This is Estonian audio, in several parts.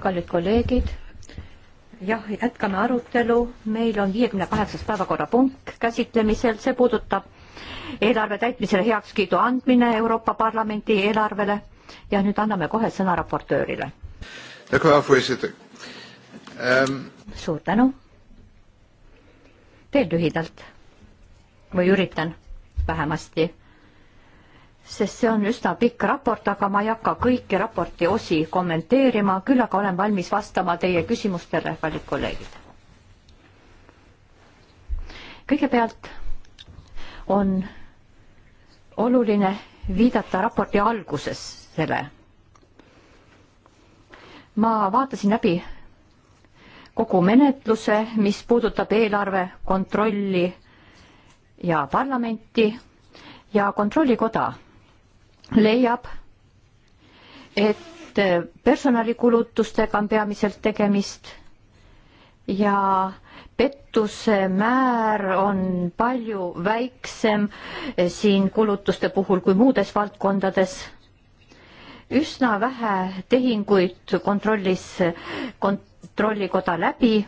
kallid kolleegid, jah, jätkame arutelu, meil on viiekümne kaheksas päevakorrapunkt käsitlemisel, see puudutab eelarve täitmisele heakskiidu andmine Euroopa Parlamendi eelarvele ja nüüd anname kohe sõna raportöörile. Ehm, suur tänu. teen lühidalt või üritan vähemasti sest see on üsna pikk raport, aga ma ei hakka kõiki raporti osi kommenteerima, küll aga olen valmis vastama teie küsimustele, kallid kolleegid. kõigepealt on oluline viidata raporti algusesele. ma vaatasin läbi kogu menetluse, mis puudutab eelarve kontrolli ja parlamenti ja kontrollikoda leiab, et personalikulutustega on peamiselt tegemist ja pettuse määr on palju väiksem siin kulutuste puhul kui muudes valdkondades. üsna vähe tehinguid kontrollis kontrollikoda läbi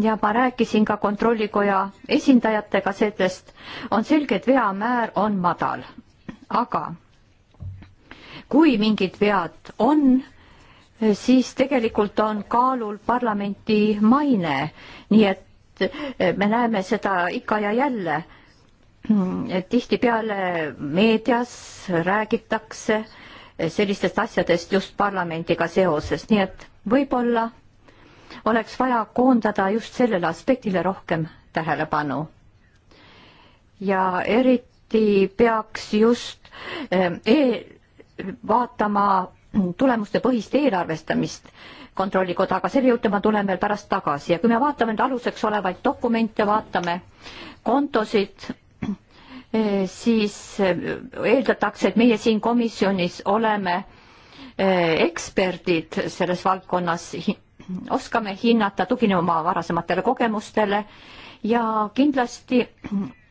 ja ma rääkisin ka kontrollikoja esindajatega sellest, on selge, et veamäär on madal, aga kui mingid vead on, siis tegelikult on kaalul parlamenti maine, nii et eh, me näeme seda ikka ja jälle. Mm, tihtipeale meedias räägitakse eh, sellistest asjadest just parlamendiga seoses, nii et võib-olla oleks vaja koondada just sellele aspektile rohkem tähelepanu. ja eriti peaks just eh, e vaatama tulemustepõhist eelarvestamist kontrollikoda, aga selle juurde ma tulen veel pärast tagasi ja kui me vaatame nüüd aluseks olevaid dokumente, vaatame kontosid, eh, siis eh, eeldatakse, et meie siin komisjonis oleme eh, eksperdid selles valdkonnas, oskame hinnata, tuginema varasematele kogemustele ja kindlasti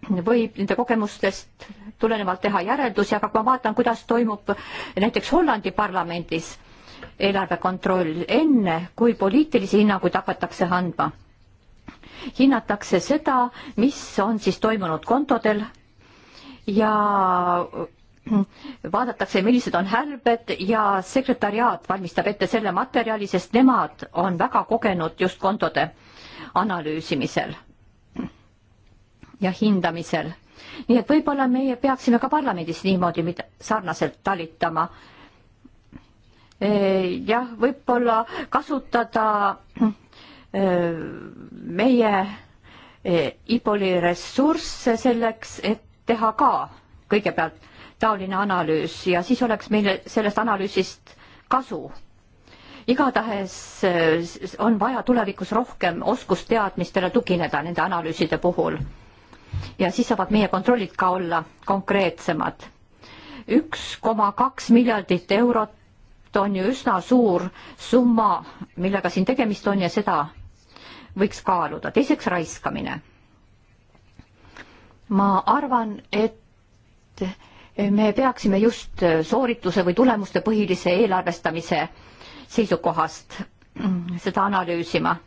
võib nende kogemustest tulenevalt teha järeldusi, aga kui ma vaatan, kuidas toimub näiteks Hollandi parlamendis eelarvekontroll enne, kui poliitilisi hinnanguid hakatakse andma, hinnatakse seda, mis on siis toimunud kontodel ja vaadatakse, millised on hälbed ja sekretariaat valmistab ette selle materjali, sest nemad on väga kogenud just kontode analüüsimisel ja hindamisel. nii et võib-olla meie peaksime ka parlamendis niimoodi mida, sarnaselt talitama. E, jah, võib-olla kasutada e, meie e, IPOL-i ressursse selleks, et teha ka kõigepealt taoline analüüs ja siis oleks meile sellest analüüsist kasu igatahes on vaja tulevikus rohkem oskusteadmistele tugineda nende analüüside puhul ja siis saavad meie kontrollid ka olla konkreetsemad. üks koma kaks miljardit eurot on ju üsna suur summa, millega siin tegemist on ja seda võiks kaaluda. teiseks raiskamine. ma arvan, et me peaksime just soorituse või tulemustepõhilise eelarvestamise seisukohast seda analüüsima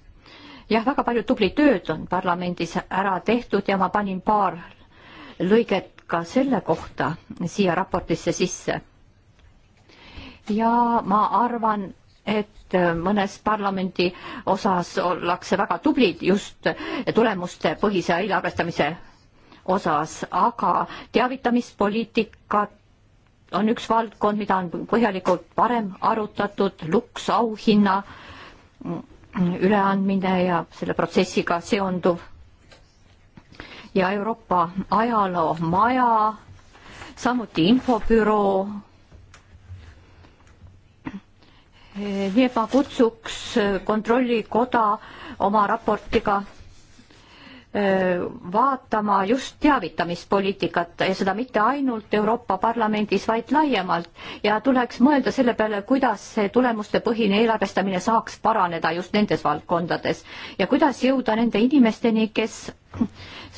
jah, väga palju tublit tööd on parlamendis ära tehtud ja ma panin paar lõiget ka selle kohta siia raportisse sisse. ja ma arvan, et mõnes parlamendi osas ollakse väga tublid just tulemuste põhise eelarvestamise osas, aga teavitamispoliitikat on üks valdkond, mida on põhjalikult varem arutatud, Lux auhinna üleandmine ja selle protsessiga seonduv. ja Euroopa ajaloomaja, samuti infobüroo. nii et ma kutsuks Kontrollikoda oma raportiga vaatama just teavitamispoliitikat ja seda mitte ainult Euroopa Parlamendis, vaid laiemalt ja tuleks mõelda selle peale, kuidas see tulemustepõhine eelarvestamine saaks paraneda just nendes valdkondades ja kuidas jõuda nende inimesteni, kes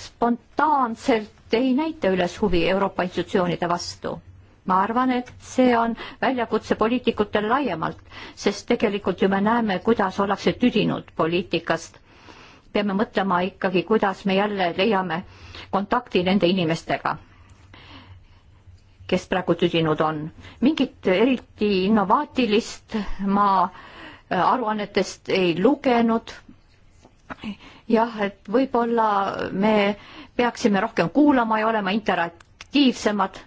spontaanselt ei näita üles huvi Euroopa institutsioonide vastu ma arvan, et see on väljakutse poliitikutel laiemalt, sest tegelikult ju me näeme, kuidas ollakse tüdinud poliitikast peame mõtlema ikkagi, kuidas me jälle leiame kontakti nende inimestega, kes praegu tüdinud on. mingit eriti innovaatilist ma äh, aruannetest ei lugenud. jah, et võib-olla me peaksime rohkem kuulama ja olema interaktiivsemad.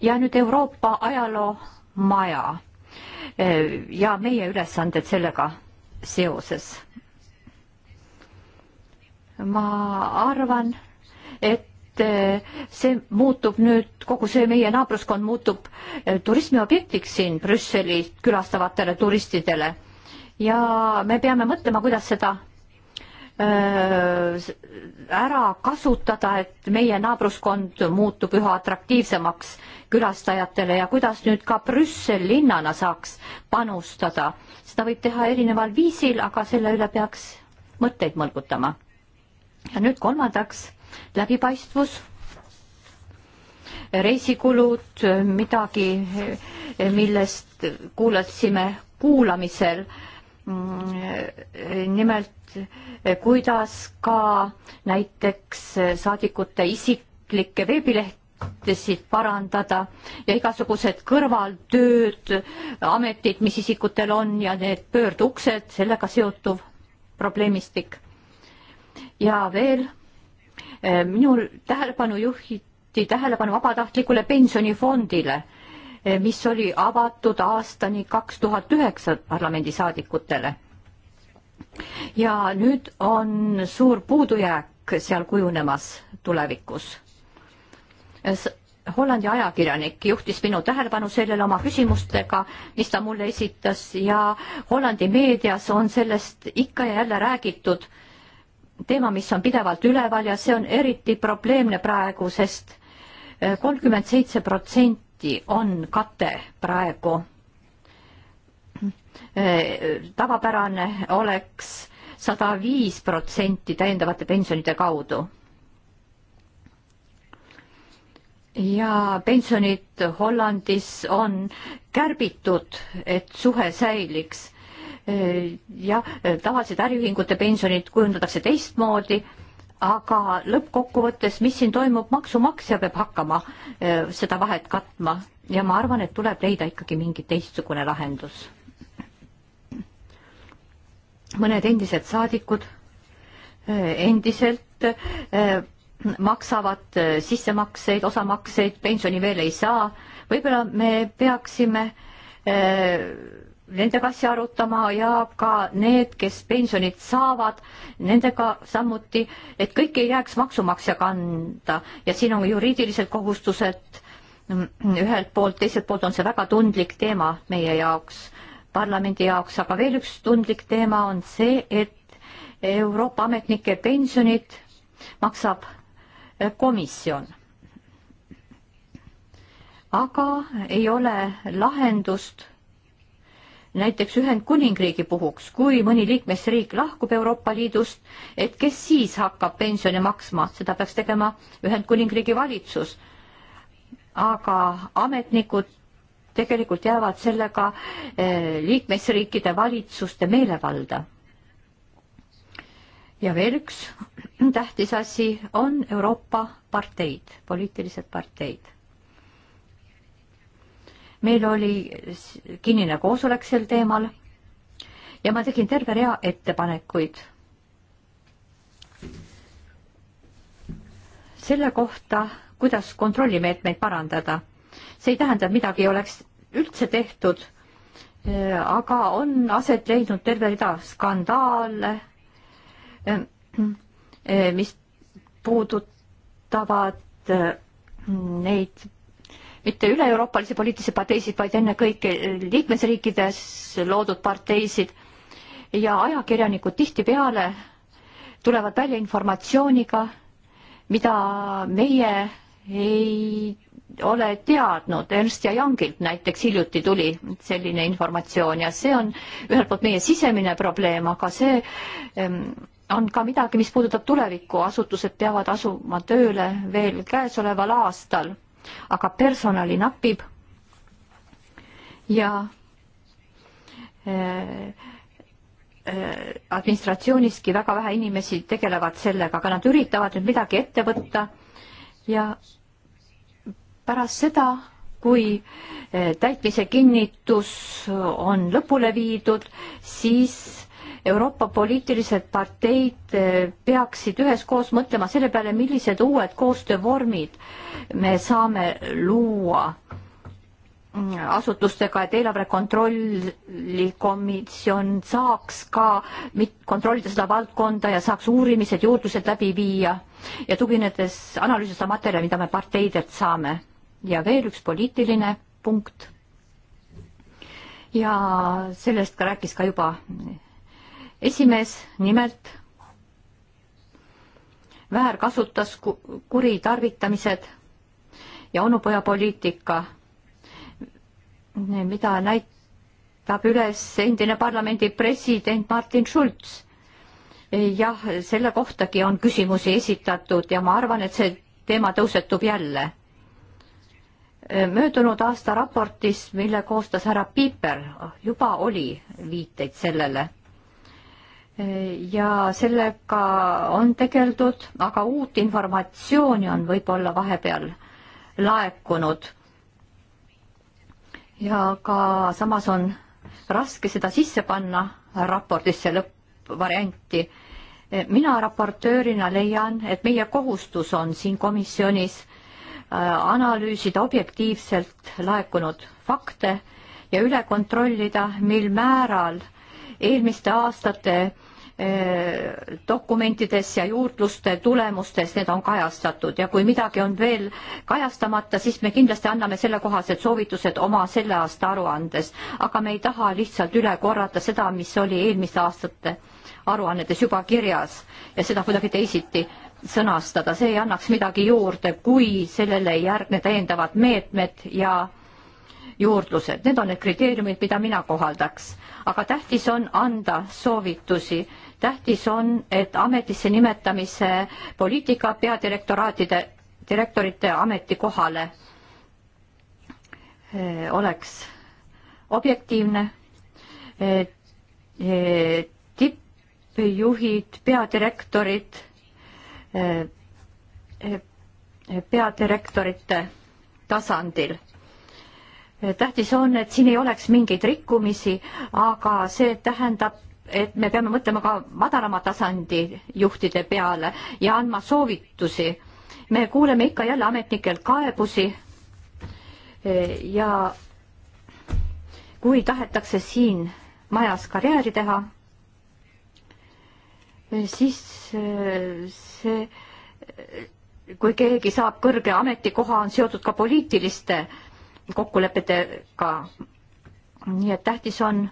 ja nüüd Euroopa ajaloomaja äh, ja meie ülesanded sellega seoses ma arvan, et eh, see muutub nüüd, kogu see meie naabruskond muutub eh, turismiobjektiks siin Brüsseli külastavatele turistidele. ja me peame mõtlema, kuidas seda eh, ära kasutada, et meie naabruskond muutub üha atraktiivsemaks külastajatele ja kuidas nüüd ka Brüssel linnana saaks panustada. seda võib teha erineval viisil, aga selle üle peaks mõtteid mõlgutama ja nüüd kolmandaks läbipaistvus, reisikulud, midagi, millest kuulasime kuulamisel. nimelt, kuidas ka näiteks saadikute isiklikke veebilehtesid parandada ja igasugused kõrvaltööd, ametid, mis isikutel on ja need pöörduksed, sellega seotuv probleemistik ja veel eh, minu tähelepanu juhiti tähelepanu vabatahtlikule pensionifondile, eh, mis oli avatud aastani kaks tuhat üheksa parlamendisaadikutele. ja nüüd on suur puudujääk seal kujunemas tulevikus. Hollandi ajakirjanik juhtis minu tähelepanu sellele oma küsimustega, mis ta mulle esitas ja Hollandi meedias on sellest ikka ja jälle räägitud teema, mis on pidevalt üleval ja see on eriti probleemne praegu, sest eh, kolmkümmend seitse protsenti on kate praegu. Eh, tavapärane oleks sada viis protsenti täiendavate pensionide kaudu ja pensionid Hollandis on kärbitud, et suhe säiliks jah, tavaliselt äriühingute pensionid kujundatakse teistmoodi, aga lõppkokkuvõttes, mis siin toimub, maksumaksja peab hakkama e, seda vahet katma ja ma arvan, et tuleb leida ikkagi mingi teistsugune lahendus. mõned endised saadikud e, endiselt e, maksavad sissemakseid, osamakseid, pensioni veel ei saa. võib-olla me peaksime nendega asja arutama ja ka need, kes pensionit saavad, nendega samuti, et kõik ei jääks maksumaksja kanda ja siin on juriidilised kohustused ühelt poolt, teiselt poolt on see väga tundlik teema meie jaoks, parlamendi jaoks, aga veel üks tundlik teema on see, et Euroopa ametnike pensionid maksab eh, komisjon aga ei ole lahendust näiteks Ühendkuningriigi puhuks, kui mõni liikmesriik lahkub Euroopa Liidust, et kes siis hakkab pensione maksma, seda peaks tegema Ühendkuningriigi valitsus. aga ametnikud tegelikult jäävad sellega eh, liikmesriikide valitsuste meelevalda. ja veel üks tähtis asi on Euroopa parteid, poliitilised parteid meil oli kinnine koosolek sel teemal ja ma tegin terve rea ettepanekuid selle kohta, kuidas kontrollimeetmeid parandada. see ei tähenda, et midagi ei oleks üldse tehtud, aga on aset leidnud terve rida skandaale, mis puudutavad neid mitte üle-euroopalisi poliitilisi parteisid, vaid ennekõike liikmesriikides loodud parteisid ja ajakirjanikud tihtipeale tulevad välja informatsiooniga, mida meie ei ole teadnud, Ernst ja Youngilt näiteks hiljuti tuli selline informatsioon ja see on ühelt poolt meie sisemine probleem, aga see on ka midagi, mis puudutab tulevikku, asutused peavad asuma tööle veel käesoleval aastal aga personali napib. ja äh, äh, administratsiooniski väga vähe inimesi tegelevad sellega, aga nad üritavad nüüd midagi ette võtta ja pärast seda, kui äh, täitmise kinnitus on lõpule viidud, siis Euroopa poliitilised parteid eh, peaksid üheskoos mõtlema selle peale, millised uued koostöövormid me saame luua asutustega, et eelarve kontrolli komisjon saaks ka kontrollida seda valdkonda ja saaks uurimised, juurdlused läbi viia ja tuginedes analüüsida seda materjali, mida me parteidelt saame. ja veel üks poliitiline punkt. ja sellest ka rääkis ka juba esimees nimelt väärkasutas kuritarvitamised ja onupojapoliitika, mida näitab üles endine parlamendi president Martin Schulz. jah, selle kohtagi on küsimusi esitatud ja ma arvan, et see teema tõusetub jälle. möödunud aasta raportis, mille koostas härra Piiper, juba oli viiteid sellele ja sellega on tegeldud, aga uut informatsiooni on võib-olla vahepeal laekunud. ja ka samas on raske seda sisse panna raportisse lõppvarianti. mina raportöörina leian, et meie kohustus on siin komisjonis äh, analüüsida objektiivselt laekunud fakte ja üle kontrollida, mil määral eelmiste aastate Eh, dokumentides ja juurdluste tulemustes need on kajastatud ja kui midagi on veel kajastamata, siis me kindlasti anname sellekohased soovitused oma selle aasta aruandes, aga me ei taha lihtsalt üle korrata seda, mis oli eelmiste aastate aruannetes juba kirjas ja seda kuidagi teisiti sõnastada, see ei annaks midagi juurde, kui sellele ei järgne täiendavad meetmed ja juurdlused, need on need kriteeriumid, mida mina kohaldaks. aga tähtis on anda soovitusi tähtis on, et ametisse nimetamise poliitika peadirektoraatide, direktorite ametikohale eh, oleks objektiivne eh, eh, tippjuhid, peadirektorid, peadirektorite tasandil. tähtis on, et siin ei oleks mingeid rikkumisi, aga see tähendab et me peame mõtlema ka madalama tasandi juhtide peale ja andma soovitusi. me kuuleme ikka jälle ametnikelt kaebusi e, ja kui tahetakse siin majas karjääri teha, e, siis e, see, kui keegi saab kõrge ametikoha, on seotud ka poliitiliste kokkulepetega. nii et tähtis on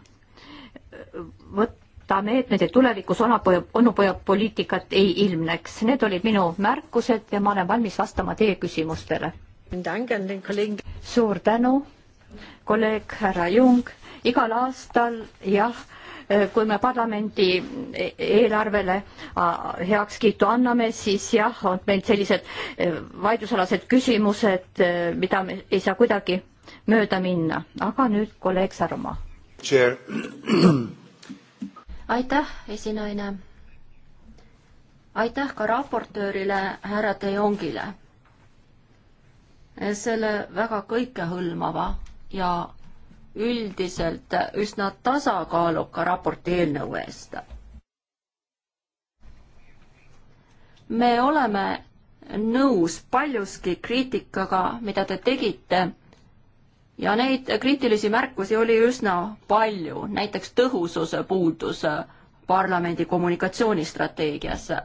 võtta võtta meetmeid, et tulevikus onapoja, onupojapoliitikat ei ilmneks. Need olid minu märkused ja ma olen valmis vastama teie küsimustele. suur tänu, kolleeg härra Jung. igal aastal jah, kui me parlamendi eelarvele äh, heakskiitu anname, siis jah, on meil sellised äh, vaidlusalased küsimused, äh, mida me ei saa kuidagi mööda minna. aga nüüd kolleeg Sarma. aitäh, esinaine. aitäh ka raportöörile härra De Jongile selle väga kõikehõlmava ja üldiselt üsna tasakaaluka raporti eelnõu eest. me oleme nõus paljuski kriitikaga, mida te tegite ja neid kriitilisi märkusi oli üsna palju, näiteks tõhususe puudus äh, parlamendi kommunikatsioonistrateegias, äh,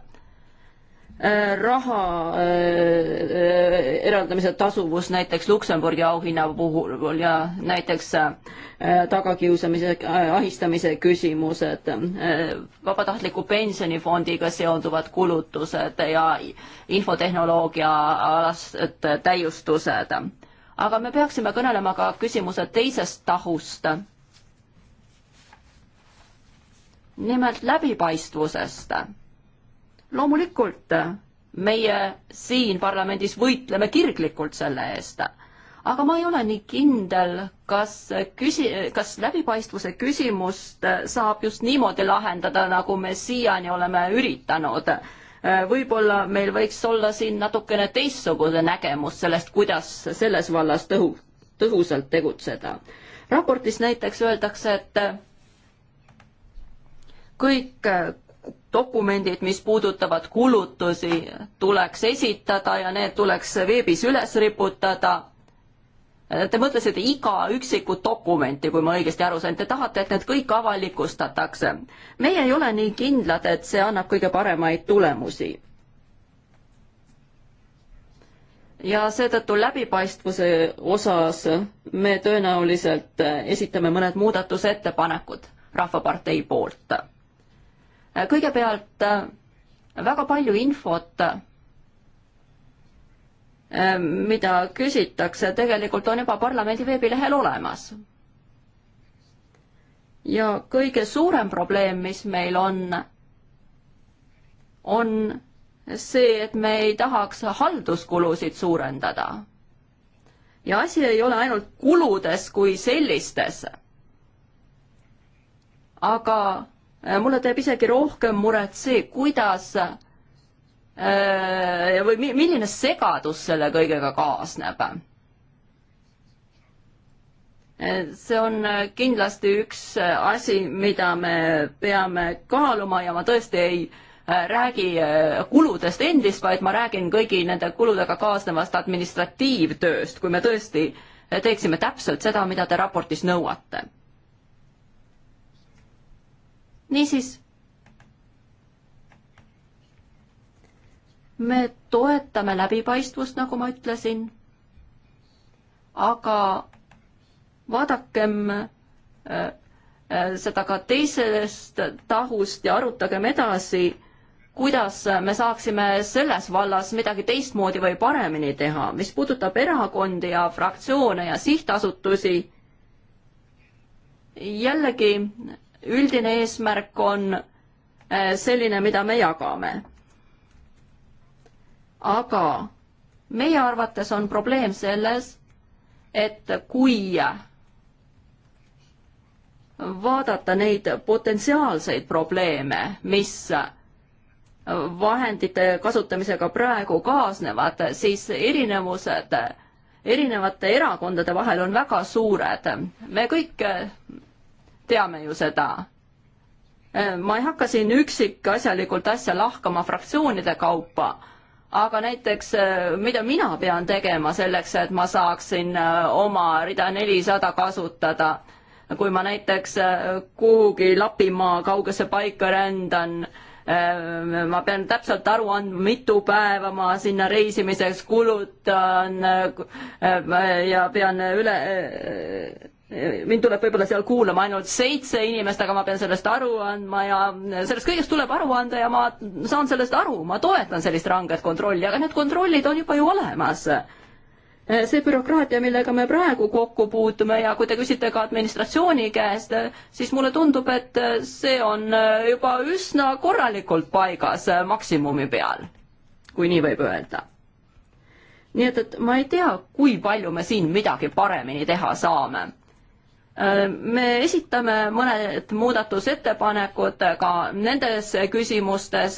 raha äh, eraldamise tasuvus näiteks Luksemburgi auhinna puhul ja näiteks tagakiusamise, ahistamise küsimused, vabatahtliku pensionifondiga seonduvad kulutused ja infotehnoloogia alased täiustused aga me peaksime kõnelema ka küsimuse teisest tahust. nimelt läbipaistvusest. loomulikult meie siin parlamendis võitleme kirglikult selle eest, aga ma ei ole nii kindel, kas küsi-, kas läbipaistvuse küsimust saab just niimoodi lahendada, nagu me siiani oleme üritanud Äh, võib-olla meil võiks olla siin natukene teistsugune nägemus sellest, kuidas selles vallas tõhu-, tõhusalt tegutseda. raportis näiteks öeldakse, et äh, kõik äh, dokumendid, mis puudutavad kulutusi, tuleks esitada ja need tuleks veebis üles riputada Te mõtlesite iga üksikut dokumenti, kui ma õigesti aru sain, te tahate, et need kõik avalikustatakse. meie ei ole nii kindlad, et see annab kõige paremaid tulemusi. ja seetõttu läbipaistvuse osas me tõenäoliselt esitame mõned muudatusettepanekud Rahvapartei poolt. kõigepealt väga palju infot Ehm, mida küsitakse, tegelikult on juba parlamendi veebilehel olemas. ja kõige suurem probleem, mis meil on, on see, et me ei tahaks halduskulusid suurendada. ja asi ei ole ainult kuludes kui sellistes. aga eh, mulle teeb isegi rohkem muret see, kuidas Äh, või milline segadus selle kõigega kaasneb? Äh, see on äh, kindlasti üks asi, mida me peame kaaluma ja ma tõesti ei räägi kuludest endist, vaid ma räägin kõigi nende kuludega kaasnevast administratiivtööst, kui me tõesti teeksime täpselt seda, mida te raportis nõuate. niisiis me toetame läbipaistvust, nagu ma ütlesin, aga vaadakem äh, äh, seda ka teisest tahust ja arutagem edasi, kuidas me saaksime selles vallas midagi teistmoodi või paremini teha. mis puudutab erakondi ja fraktsioone ja sihtasutusi, jällegi üldine eesmärk on äh, selline, mida me jagame aga meie arvates on probleem selles, et kui vaadata neid potentsiaalseid probleeme, mis vahendite kasutamisega praegu kaasnevad, siis erinevused erinevate erakondade vahel on väga suured. me kõik teame ju seda. ma ei hakka siin üksikasjalikult asja lahkama fraktsioonide kaupa aga näiteks äh, mida mina pean tegema selleks, et ma saaksin äh, oma rida nelisada kasutada, kui ma näiteks äh, kuhugi Lapimaa kaugesse paika rändan, ma pean täpselt aru andma, mitu päeva ma sinna reisimiseks kulutan ja pean üle mind tuleb võib-olla seal kuulama ainult seitse inimest, aga ma pean sellest aru andma ja sellest kõigest tuleb aru anda ja ma saan sellest aru, ma toetan sellist ranget kontrolli, aga need kontrollid on juba ju olemas. see bürokraatia, millega me praegu kokku puutume ja kui te küsite ka administratsiooni käest, siis mulle tundub, et see on juba üsna korralikult paigas maksimumi peal, kui nii võib öelda nii et, et ma ei tea, kui palju me siin midagi paremini teha saame Äh, me esitame mõned muudatusettepanekud ka nendes küsimustes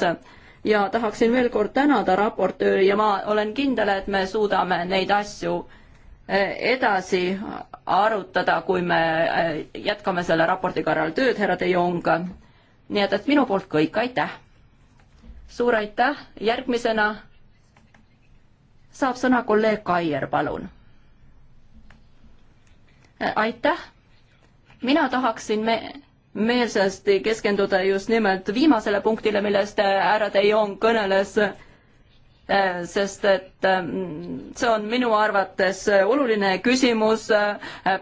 ja tahaksin veel kord tänada raportööri ja ma olen kindel, et me suudame neid asju äh, edasi arutada, kui me äh, jätkame selle raporti kallal tööd, härra De Jong. nii et, et minu poolt kõik, aitäh! suur aitäh, järgmisena saab sõna kolleeg Kaier, palun. aitäh mina tahaksin me meelsasti keskenduda just nimelt viimasele punktile, millest äh, härra De Jong kõneles, äh, sest et äh, see on minu arvates oluline küsimus,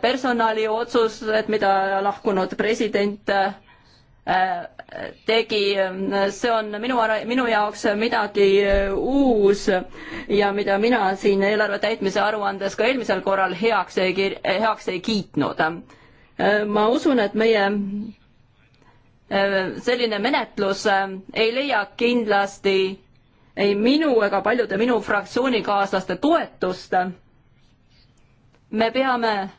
personaliotsused, mida lahkunud president tegi, see on minu, minu jaoks midagi uus ja mida mina siin eelarve täitmise aruandes ka eelmisel korral heaks ei, heaks ei kiitnud Äh, ma usun, et meie äh, selline menetlus äh, ei leia kindlasti ei minu ega paljude minu fraktsioonikaaslaste toetust. me peame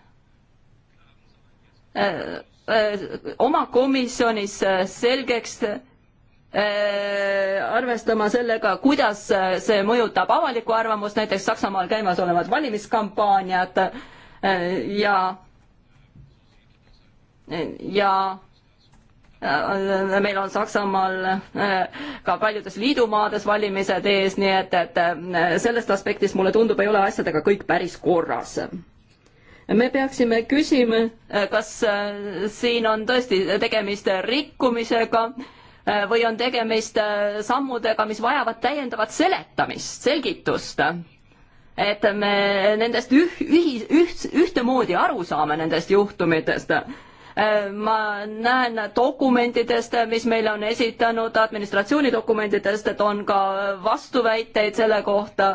oma komisjonis selgeks arvestama sellega, kuidas see mõjutab avalikku arvamust, näiteks Saksamaal käimasolevad valimiskampaaniad ja ja äh, meil on Saksamaal äh, ka paljudes liidumaades valimised ees, nii et, et äh, sellest aspektist mulle tundub, ei ole asjadega kõik päris korras. me peaksime küsima, kas siin on tõesti tegemist rikkumisega või on tegemist sammudega, mis vajavad täiendavat seletamist, selgitust et me nendest üh-, ühi-, üht-, ühtemoodi aru saame nendest juhtumitest Äh, ma näen dokumentidest, mis meile on esitanud, administratsioonidokumentidest, et on ka vastuväiteid selle kohta,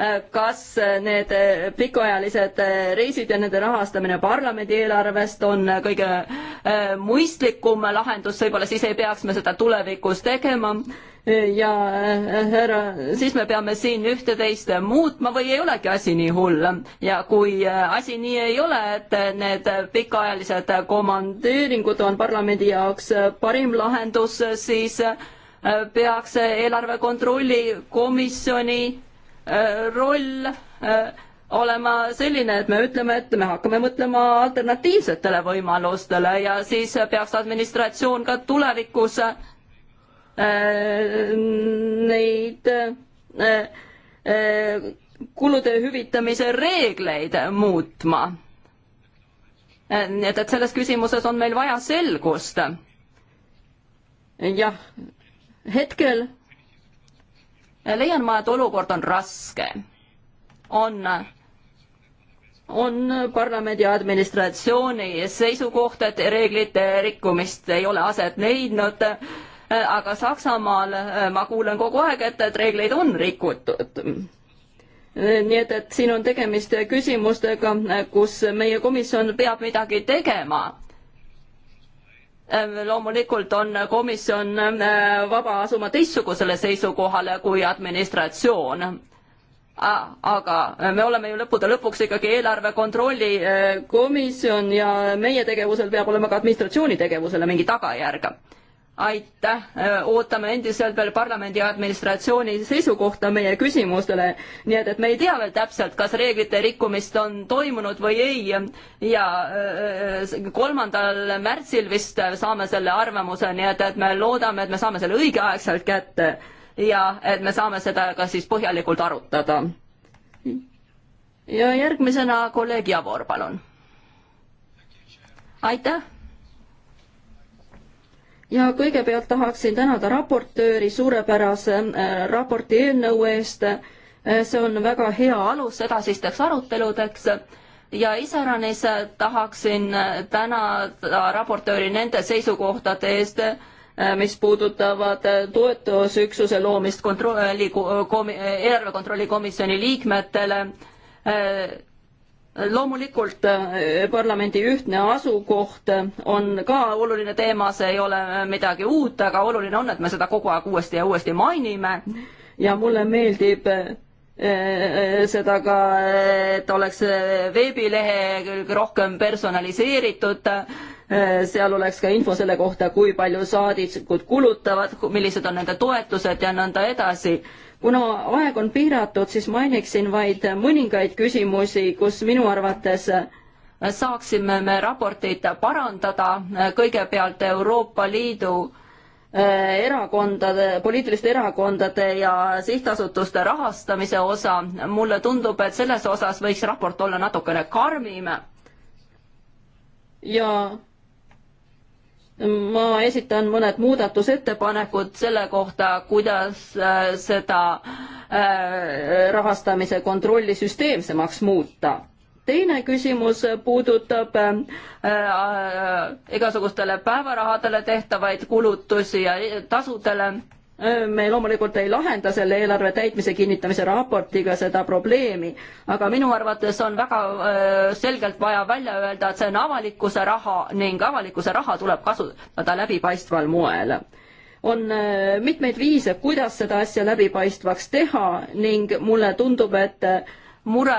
äh, kas need pikaajalised reisid ja nende rahastamine parlamendi eelarvest on kõige äh, mõistlikum lahendus, võib-olla siis ei peaks me seda tulevikus tegema ja äh, härra, siis me peame siin üht-teist muutma või ei olegi asi nii hull. ja kui äh, asi nii ei ole, et äh, need pikaajalised komandeeringud on parlamendi jaoks parim lahendus, siis peaks eelarve kontrolli komisjoni roll olema selline, et me ütleme, et me hakkame mõtlema alternatiivsetele võimalustele ja siis peaks administratsioon ka tulevikus äh, Äh, neid äh, äh, kulude hüvitamise reegleid muutma. nii et, et selles küsimuses on meil vaja selgust. jah, hetkel leian ma, et olukord on raske. on, on parlamendi administratsiooni seisukoht, et reeglite rikkumist ei ole aset leidnud Äh, aga Saksamaal äh, ma kuulen kogu aeg, et, et reegleid on rikutud äh, nii et, et siin on tegemist küsimustega, kus meie komisjon peab midagi tegema loomulikult on komisjon vaba asuma teistsugusele seisukohale kui administratsioon. aga me oleme ju lõppude lõpuks ikkagi eelarve kontrolli komisjon ja meie tegevusel peab olema ka administratsiooni tegevusele mingi tagajärg aitäh, äh, ootame endiselt veel parlamendi administratsiooni seisukohta meie küsimustele, nii et, et me ei tea veel täpselt, kas reeglite rikkumist on toimunud või ei ja äh, äh, kolmandal märtsil vist saame selle arvamuse, nii et, et me loodame, et me saame selle õigeaegselt kätte ja et me saame seda ka siis põhjalikult arutada. ja järgmisena kolleeg Javor, palun. aitäh ja kõigepealt tahaksin tänada raportööri suurepärase äh, raporti eelnõu eest. Äh, see on väga hea alus edasisteks aruteludeks ja iseäranis tahaksin äh, tänada raportööri nende seisukohtade eest, mis puudutavad toetusüksuse loomist kontrolli, eelarve kontrolli komisjoni liikmetele loomulikult eh, parlamendi ühtne asukoht eh, on ka oluline teema, see ei ole eh, midagi uut, aga oluline on, et me seda kogu aeg uuesti ja uuesti mainime ja mulle meeldib seda ka, et oleks veebilehekülg rohkem personaliseeritud, seal oleks ka info selle kohta, kui palju saadikud kulutavad, millised on nende toetused ja nõnda edasi kuna aeg on piiratud, siis mainiksin vaid mõningaid küsimusi, kus minu arvates saaksime me raportit parandada, kõigepealt Euroopa Liidu eh, erakondade, poliitiliste erakondade ja sihtasutuste rahastamise osa, mulle tundub, et selles osas võiks raport olla natukene karmim. ja ma esitan mõned muudatusettepanekud selle kohta, kuidas äh, seda äh, rahastamise kontrolli süsteemsemaks muuta. teine küsimus puudutab äh, igasugustele päevarahadele tehtavaid kulutusi ja tasudele me loomulikult ei lahenda selle eelarve täitmise kinnitamise raportiga seda probleemi, aga minu arvates on väga äh, selgelt vaja välja öelda, et see on avalikkuse raha ning avalikkuse raha tuleb kasutada läbipaistval moel on äh, mitmeid viise, kuidas seda asja läbipaistvaks teha ning mulle tundub, et äh, mure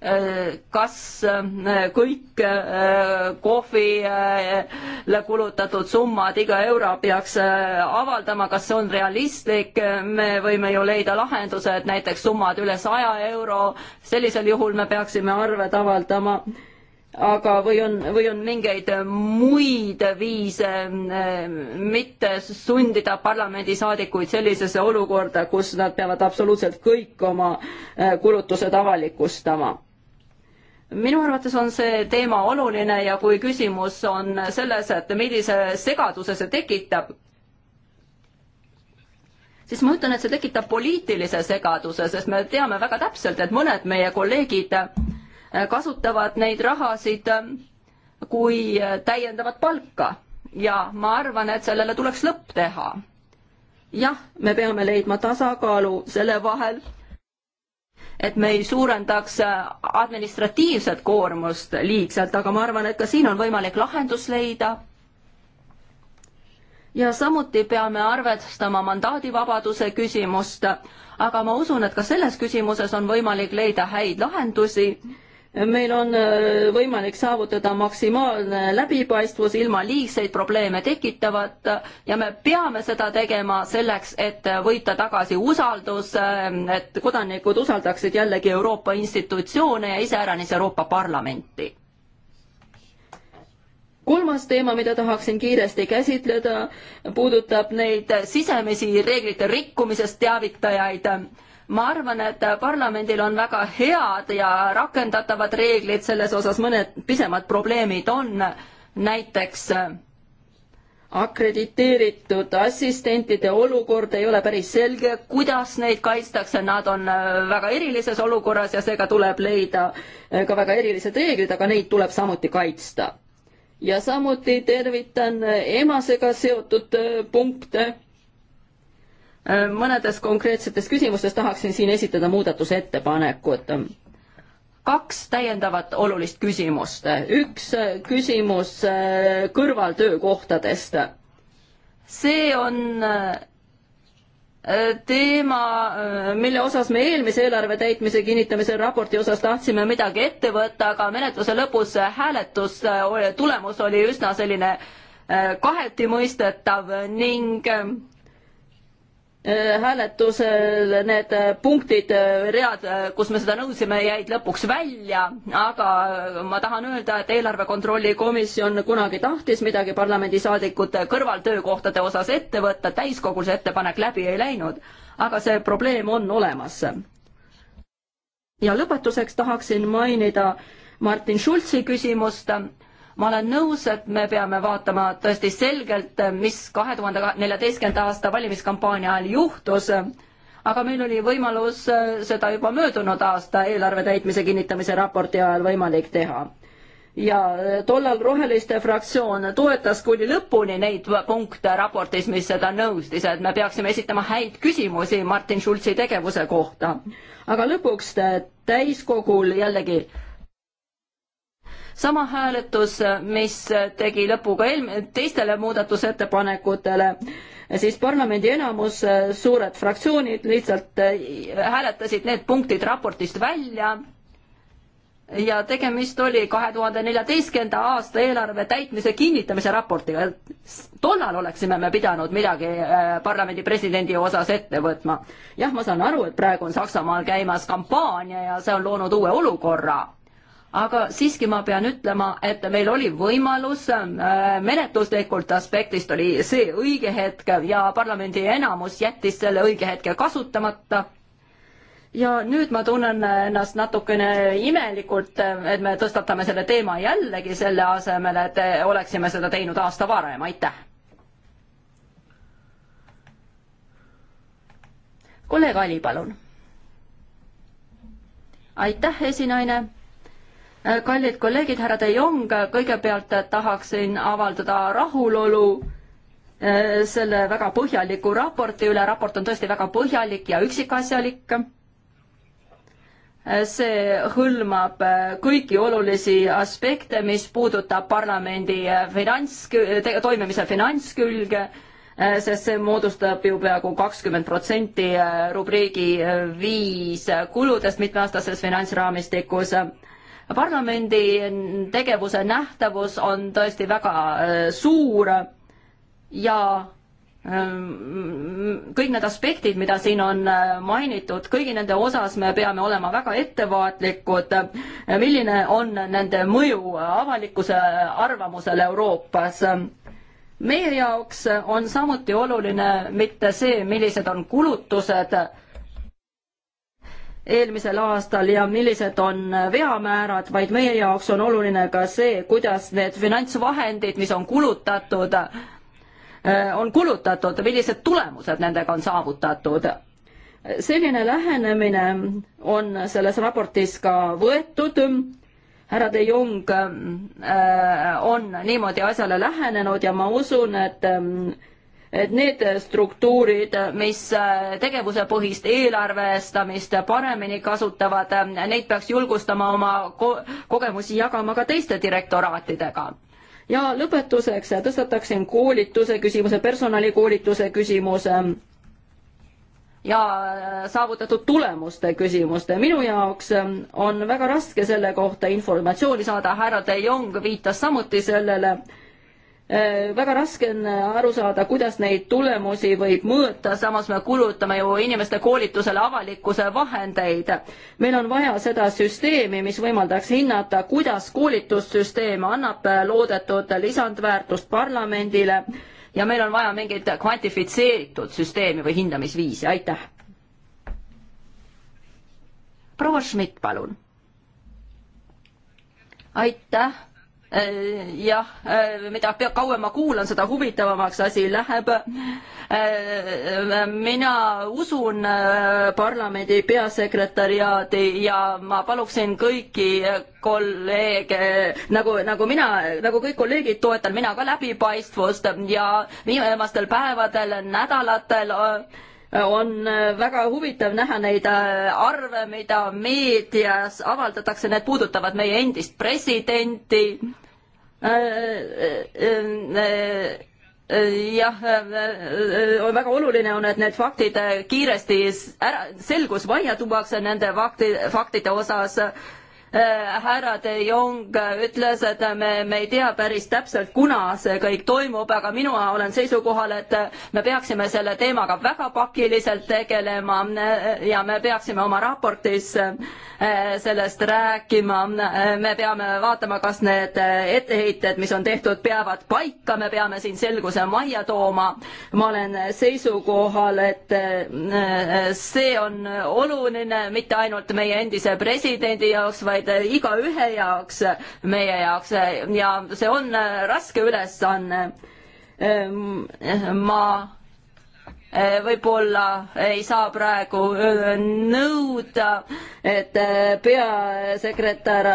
kas äh, kõik äh, kohvile äh, kulutatud summad, iga euro peaks avaldama, kas see on realistlik, me võime ju leida lahendused, näiteks summad üle saja euro, sellisel juhul me peaksime arved avaldama, aga või on, või on mingeid muid viise mitte sundida parlamendisaadikuid sellisesse olukorda, kus nad peavad absoluutselt kõik oma kulutused avalikustama minu arvates on see teema oluline ja kui küsimus on selles, et millise segaduse see tekitab, siis ma ütlen, et see tekitab poliitilise segaduse, sest me teame väga täpselt, et mõned meie kolleegid äh, kasutavad neid rahasid äh, kui täiendavat palka ja ma arvan, et sellele tuleks lõpp teha. jah, me peame leidma tasakaalu selle vahel et me ei suurendaks administratiivset koormust liigselt, aga ma arvan, et ka siin on võimalik lahendus leida. ja samuti peame arvestama mandaadivabaduse küsimust, aga ma usun, et ka selles küsimuses on võimalik leida häid lahendusi meil on äh, võimalik saavutada maksimaalne läbipaistvus ilma liigseid probleeme tekitavata ja me peame seda tegema selleks, et võita tagasi usaldus, äh, et kodanikud usaldaksid jällegi Euroopa institutsioone ja iseäranis Euroopa Parlamenti. kolmas teema, mida tahaksin kiiresti käsitleda, puudutab neid sisemisi reeglite rikkumisest teavitajaid ma arvan, et parlamendil on väga head ja rakendatavad reeglid selles osas, mõned pisemad probleemid on, näiteks akrediteeritud assistentide olukord ei ole päris selge, kuidas neid kaitstakse, nad on väga erilises olukorras ja seega tuleb leida ka väga erilised reeglid, aga neid tuleb samuti kaitsta. ja samuti tervitan emasega seotud punkte mõnedes konkreetsetes küsimustes tahaksin siin esitada muudatusettepanekut. kaks täiendavat olulist küsimust. üks küsimus äh, kõrvaltöökohtadest. see on äh, teema, äh, mille osas me eelmise eelarve täitmise kinnitamise raporti osas tahtsime midagi ette võtta, aga menetluse lõpus hääletus, tulemus oli üsna selline kaheti mõistetav ning Äh, hääletusel need äh, punktid, äh, read, kus me seda nõudsime, jäid lõpuks välja, aga ma tahan öelda, et eelarve kontrolli komisjon kunagi tahtis midagi parlamendisaadikute kõrvaltöökohtade osas ette võtta, täiskogul see ettepanek läbi ei läinud, aga see probleem on olemas. ja lõpetuseks tahaksin mainida Martin Schulzi küsimust ma olen nõus, et me peame vaatama tõesti selgelt, mis kahe tuhande neljateistkümnenda aasta valimiskampaania ajal juhtus, aga meil oli võimalus äh, seda juba möödunud aasta eelarve täitmise kinnitamise raporti ajal võimalik teha ja äh, tollal Roheliste fraktsioon toetas kuni lõpuni neid punkte raportis, mis seda nõustis, et me peaksime esitama häid küsimusi Martin Schulzi tegevuse kohta. aga lõpuks äh, täiskogul jällegi sama hääletus, mis tegi lõpu ka eel-, teistele muudatusettepanekutele, siis parlamendi enamus, suured fraktsioonid lihtsalt äh, hääletasid need punktid raportist välja ja tegemist oli kahe tuhande neljateistkümnenda aasta eelarve täitmise kinnitamise raportiga. tollal oleksime me pidanud midagi äh, parlamendi presidendi osas ette võtma. jah, ma saan aru, et praegu on Saksamaal käimas kampaania ja see on loonud uue olukorra aga siiski ma pean ütlema, et meil oli võimalus, äh, menetluslikult aspektist oli see õige hetk ja parlamendi enamus jättis selle õige hetke kasutamata. ja nüüd ma tunnen ennast natukene imelikult, et me tõstatame selle teema jällegi selle asemel, et oleksime seda teinud aasta varem, aitäh. kolleeg Ali, palun. aitäh, esinaine Äh, kallid kolleegid, härra De Jong, kõigepealt tahaksin avaldada rahulolu äh, selle väga põhjaliku raporti üle, raport on tõesti väga põhjalik ja üksikasjalik. Äh, see hõlmab kõiki olulisi aspekte, mis puudutab parlamendi finants, toimimise finantskülge, sest see moodustab ju peaaegu kakskümmend protsenti rubriigi viis kuludest mitmeaastases finantsraamistikus parlamendi tegevuse nähtavus on tõesti väga äh, suur ja ähm, kõik need aspektid, mida siin on äh, mainitud, kõigi nende osas me peame olema väga ettevaatlikud, äh, milline on nende mõju avalikkuse arvamusele Euroopas. meie jaoks on samuti oluline mitte see, millised on kulutused, eelmisel aastal ja millised on veamäärad, vaid meie jaoks on oluline ka see, kuidas need finantsvahendid, mis on kulutatud, äh, on kulutatud, millised tulemused nendega on saavutatud. selline lähenemine on selles raportis ka võetud härra De Jong äh, on niimoodi asjale lähenenud ja ma usun, et ähm, et need struktuurid, mis äh, tegevusepõhist eelarvestamist paremini kasutavad, äh, neid peaks julgustama oma ko kogemusi jagama ka teiste direktoraatidega ja lõpetuseks tõstataksin koolituse küsimuse, personalikoolituse küsimuse ja äh, saavutatud tulemuste küsimuste. minu jaoks on väga raske selle kohta informatsiooni saada, härra De Jong viitas samuti sellele Äh, väga raske on aru saada, kuidas neid tulemusi võib mõõta, samas me kulutame ju inimeste koolitusele avalikkuse vahendeid. meil on vaja seda süsteemi, mis võimaldaks hinnata, kuidas koolitussüsteem annab loodetud lisandväärtust parlamendile ja meil on vaja mingit kvantifitseeritud süsteemi või hindamisviisi, aitäh. proua Schmidt, palun. aitäh Äh, jah, äh, mida kauem ma kuulan, seda huvitavamaks asi läheb. Äh, mina usun parlamendi peasekretäriaadi ja ma paluksin kõiki kolleege, nagu, nagu mina, nagu kõik kolleegid, toetan mina ka läbipaistvust ja viimastel päevadel, nädalatel on väga huvitav näha neid arve, mida meedias avaldatakse, need puudutavad meie endist presidenti jah, väga oluline on, et need faktid kiiresti ära, selgus majja tuuakse nende fakti, faktide osas Äh, härra De Jong ütles, et me, me ei tea päris täpselt, kuna see kõik toimub, aga mina olen seisukohal, et me peaksime selle teemaga väga pakiliselt tegelema äh, ja me peaksime oma raportis äh, sellest rääkima. me peame vaatama, kas need etteheited, mis on tehtud, peavad paika, me peame siin selguse majja tooma. ma olen seisukohal, et see on oluline mitte ainult meie endise presidendi jaoks, vaid vaid eh, igaühe jaoks, eh, meie jaoks eh, ja see on raske ülesanne. Ehm, ma võib-olla ei saa praegu nõuda, et peasekretär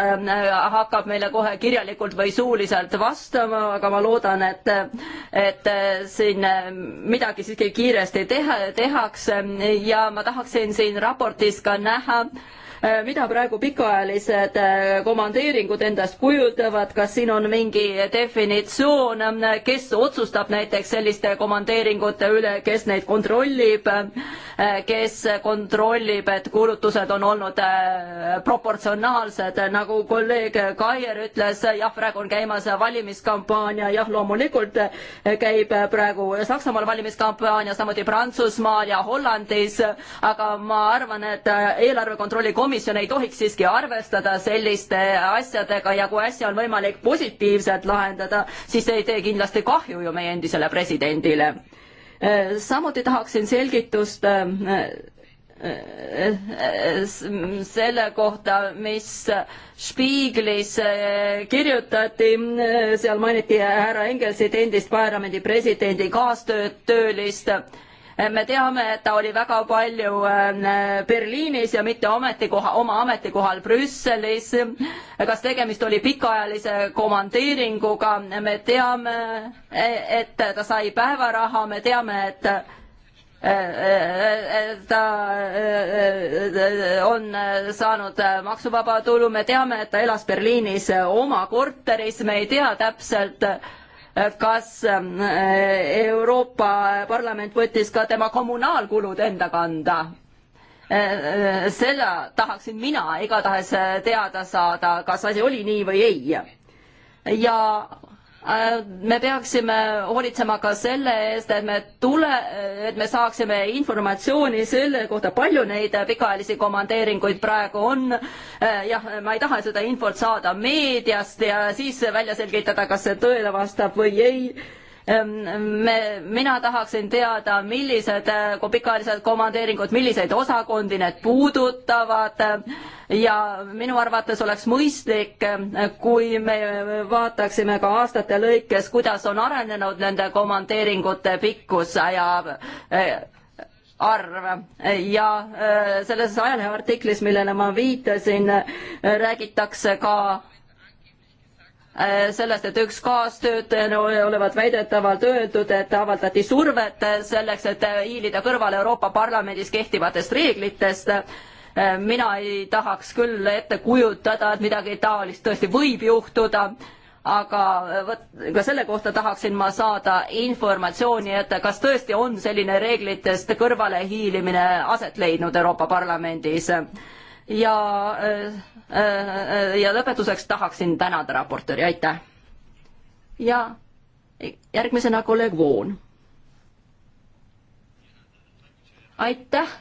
hakkab meile kohe kirjalikult või suuliselt vastama, aga ma loodan, et, et siin midagi siiski kiiresti teha, tehakse ja ma tahaksin siin raportis ka näha, Äh, mida praegu pikaajalised äh, komandeeringud endast kujutavad, kas siin on mingi definitsioon, ähm, kes otsustab näiteks selliste komandeeringute üle, kes neid kontrollib, äh, kes kontrollib, et kulutused on olnud proportsionaalsed, nagu kolleeg Kaier ütles, jah, praegu on käimas valimiskampaania, jah, loomulikult käib praegu Saksamaal valimiskampaania, samuti Prantsusmaal ja Hollandis, aga ma arvan, et eelarve kontrolli komisjon ei tohiks siiski arvestada selliste asjadega ja kui asja on võimalik positiivselt lahendada, siis ei tee kindlasti kahju ju meie endisele presidendile. samuti tahaksin selgitust selle kohta, mis Spieglis kirjutati, seal mainiti härra Engelsit, endist parlamendi presidendi kaastööd, töölist me teame, et ta oli väga palju ähm, Berliinis ja mitte ametikoha, oma ametikohal Brüsselis. kas tegemist oli pikaajalise komandeeringuga, me teame, e, et ta sai päevaraha, me teame, et e, e, ta on saanud maksuvaba tulu, me teame, et ta elas Berliinis oma korteris, me ei tea täpselt, kas ähm, äh, Euroopa Parlament võttis ka tema kommunaalkulud enda kanda? Äh, äh, seda tahaksin mina igatahes teada saada, kas asi oli nii või ei. ja Äh, me peaksime hoolitsema ka selle eest, et me tule, et me saaksime informatsiooni selle kohta, palju neid pikaajalisi komandeeringuid praegu on. Äh, jah, ma ei taha seda infot saada meediast ja siis välja selgitada, kas see tõele vastab või ei Ehm, me, mina tahaksin teada, millised äh, pikaajalised komandeeringud, milliseid osakondi need puudutavad ja minu arvates oleks mõistlik, äh, kui me vaataksime ka aastate lõikes, kuidas on arenenud nende komandeeringute pikkus ja äh, arv ja selles ajalehe artiklis, millele ma viitasin, räägitakse ka Äh, sellest, et üks kaastöötajana olevat väidetavalt öeldud, et avaldati survet selleks, et hiilida kõrvale Euroopa Parlamendis kehtivatest reeglitest. Äh, mina ei tahaks küll ette kujutada, et midagi taolist tõesti võib juhtuda, aga äh, vot ka selle kohta tahaksin ma saada informatsiooni, et kas tõesti on selline reeglitest kõrvalehiilimine aset leidnud Euroopa Parlamendis ja äh, Äh, äh, ja lõpetuseks tahaksin tänada raportööri, aitäh. ja järgmisena kolleeg Voon. aitäh,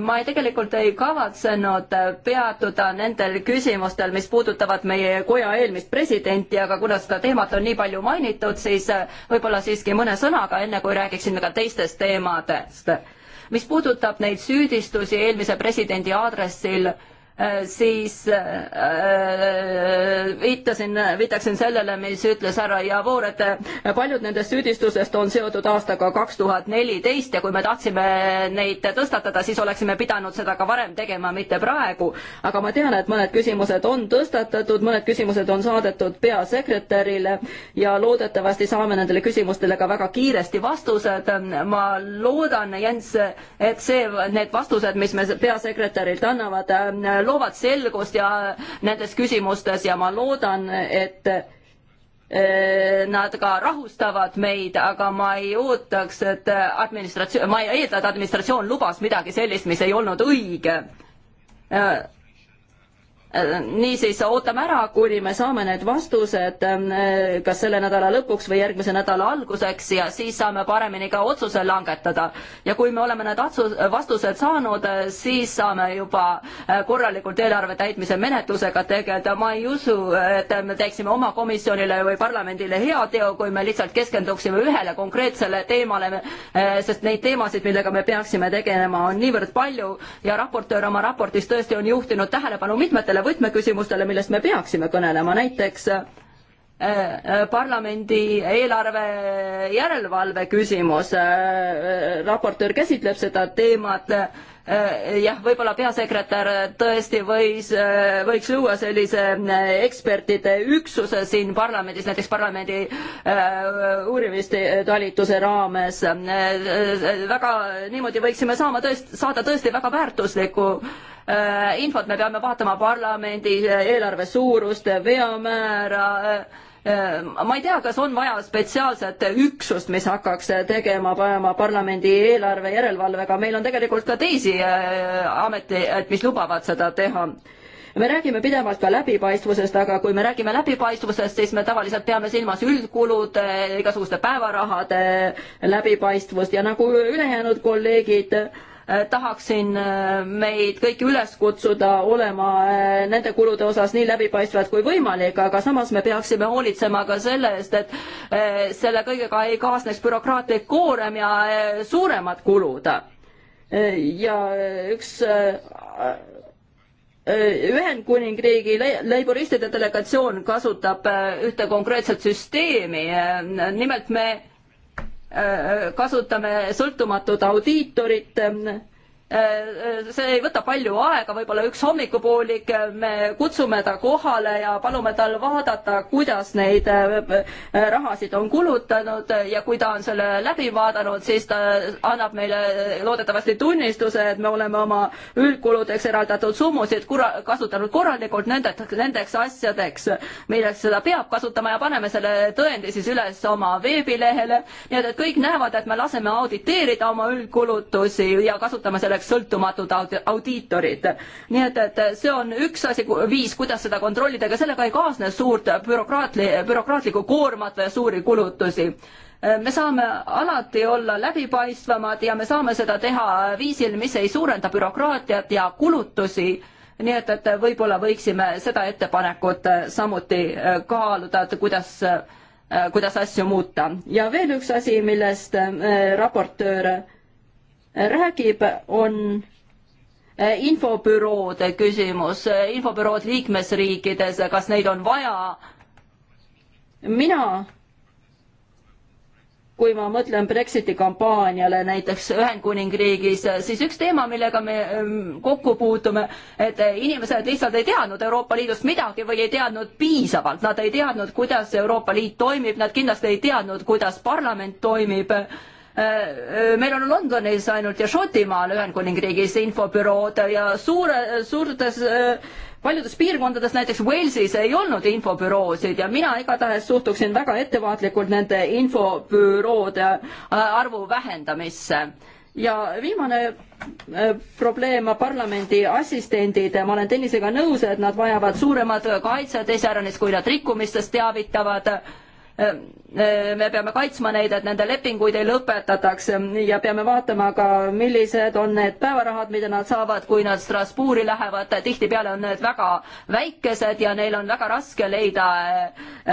ma ei, tegelikult ei kavatsenud peatuda nendel küsimustel, mis puudutavad meie koja eelmist presidenti, aga kuna seda teemat on nii palju mainitud, siis võib-olla siiski mõne sõnaga, enne kui räägiksime ka teistest teemadest. mis puudutab neid süüdistusi eelmise presidendi aadressil, Äh, siis äh, viitasin, viitaksin sellele, mis ütles härra Javor, et äh, paljud nendest süüdistusest on seotud aastaga kaks tuhat neliteist ja kui me tahtsime neid tõstatada, siis oleksime pidanud seda ka varem tegema, mitte praegu. aga ma tean, et mõned küsimused on tõstatatud, mõned küsimused on saadetud peasekretärile ja loodetavasti saame nendele küsimustele ka väga kiiresti vastused. ma loodan, Jens, et see, need vastused, mis me peasekretärilt annavad, loovad selgust ja nendes küsimustes ja ma loodan, et eh, nad ka rahustavad meid, aga ma ei ootaks, et administratsioon, ma ei eelda, et administratsioon lubas midagi sellist, mis ei olnud õige eh, Äh, niisiis ootame ära, kuni me saame need vastused äh, kas selle nädala lõpuks või järgmise nädala alguseks ja siis saame paremini ka otsuse langetada. ja kui me oleme need atsus, vastused saanud, äh, siis saame juba korralikult eelarve täitmise menetlusega tegeleda. ma ei usu, et me teeksime oma komisjonile või parlamendile hea teo, kui me lihtsalt keskenduksime ühele konkreetsele teemale, sest neid teemasid, millega me peaksime tegelema, on niivõrd palju ja raportöör oma raportis tõesti on juhtinud tähelepanu mitmetele nendele võtmeküsimustele, millest me peaksime kõnelema, näiteks äh, äh, parlamendi eelarve järelevalve küsimus, äh, raportöör käsitleb seda teemat, jah, võib-olla peasekretär tõesti võis, võiks luua sellise ekspertide üksuse siin parlamendis, näiteks parlamendi uurimistalituse raames. väga, niimoodi võiksime saama tõest-, saada tõesti väga väärtusliku Äh, infot, me peame vaatama parlamendi äh, eelarve suurust, äh, veamäära, ma ei tea, kas on vaja spetsiaalset üksust, mis hakkaks tegema parema parlamendi eelarve järelevalvega, meil on tegelikult ka teisi ameteid, mis lubavad seda teha me räägime pidevalt ka läbipaistvusest, aga kui me räägime läbipaistvusest, siis me tavaliselt peame silmas üldkulude, igasuguste päevarahade läbipaistvust ja nagu ülejäänud kolleegid äh,, Äh, tahaksin äh, meid kõiki üles kutsuda olema äh, nende kulude osas nii läbipaistvad kui võimalik, aga samas me peaksime hoolitsema ka selle eest, et selle kõigega ei kaasneks bürokraatlik koorem ja suuremad kulud. ja üks Ühendkuningriigi leiboristide delegatsioon kasutab ühte konkreetset süsteemi, nimelt me kasutame sõltumatut audiitorit Äh, äh, see ei võta palju aega, võib-olla üks hommikupoolik, äh, me kutsume ta kohale ja palume tal vaadata, kuidas neid rahasid on kulutanud ja kui ta on selle läbi vaadanud, siis ta annab meile loodetavasti tunnistuse, et me oleme oma üldkuludeks eraldatud summusid kura-, kasutanud korralikult nende, nendeks asjadeks, milleks seda peab kasutama ja paneme selle tõendi siis üles oma veebilehele, nii et, et kõik näevad, et me laseme auditeerida oma üldkulutusi ja kasutame selle oleks sõltumatud audiitorid. nii et, et see on üks asi, viis, kuidas seda kontrollida, aga sellega ei kaasne suurt bürokraatli, bürokraatlikku koormat ja suuri kulutusi me saame alati olla läbipaistvamad ja me saame seda teha viisil, mis ei suurenda bürokraatiat ja kulutusi nii et, et võib-olla võiksime seda ettepanekut samuti kaaluda, et kuidas, kuidas asju muuta. ja veel üks asi, millest äh, raportöör räägib, on eh, infobüroode küsimus, eh, infobürood liikmesriikides, kas neid on vaja? mina, kui ma mõtlen Brexiti kampaaniale näiteks Ühendkuningriigis, eh, siis üks teema, millega me kokku puutume, et inimesed lihtsalt ei teadnud Euroopa Liidust midagi või ei teadnud piisavalt, nad ei teadnud, kuidas Euroopa Liit toimib, nad kindlasti ei teadnud, kuidas parlament toimib Äh, äh, meil on Londonis ainult ja Šotimaal Ühendkuningriigis infobürood ja suure, suurtes äh, paljudes piirkondades, näiteks Walesis ei olnud infobüroosid ja mina igatahes suhtuksin väga ettevaatlikult nende infobüroode arvu vähendamisse. ja viimane probleem parlamendi assistendid, ma olen Tõnisega nõus, et nad vajavad suuremat kaitset, iseäranis kui nad rikkumistest teavitavad me peame kaitsma neid, et nende lepinguid ei lõpetataks ja peame vaatama ka, millised on need päevarahad, mida nad saavad, kui nad Strasbourgi lähevad. tihtipeale on need väga väikesed ja neil on väga raske leida eh,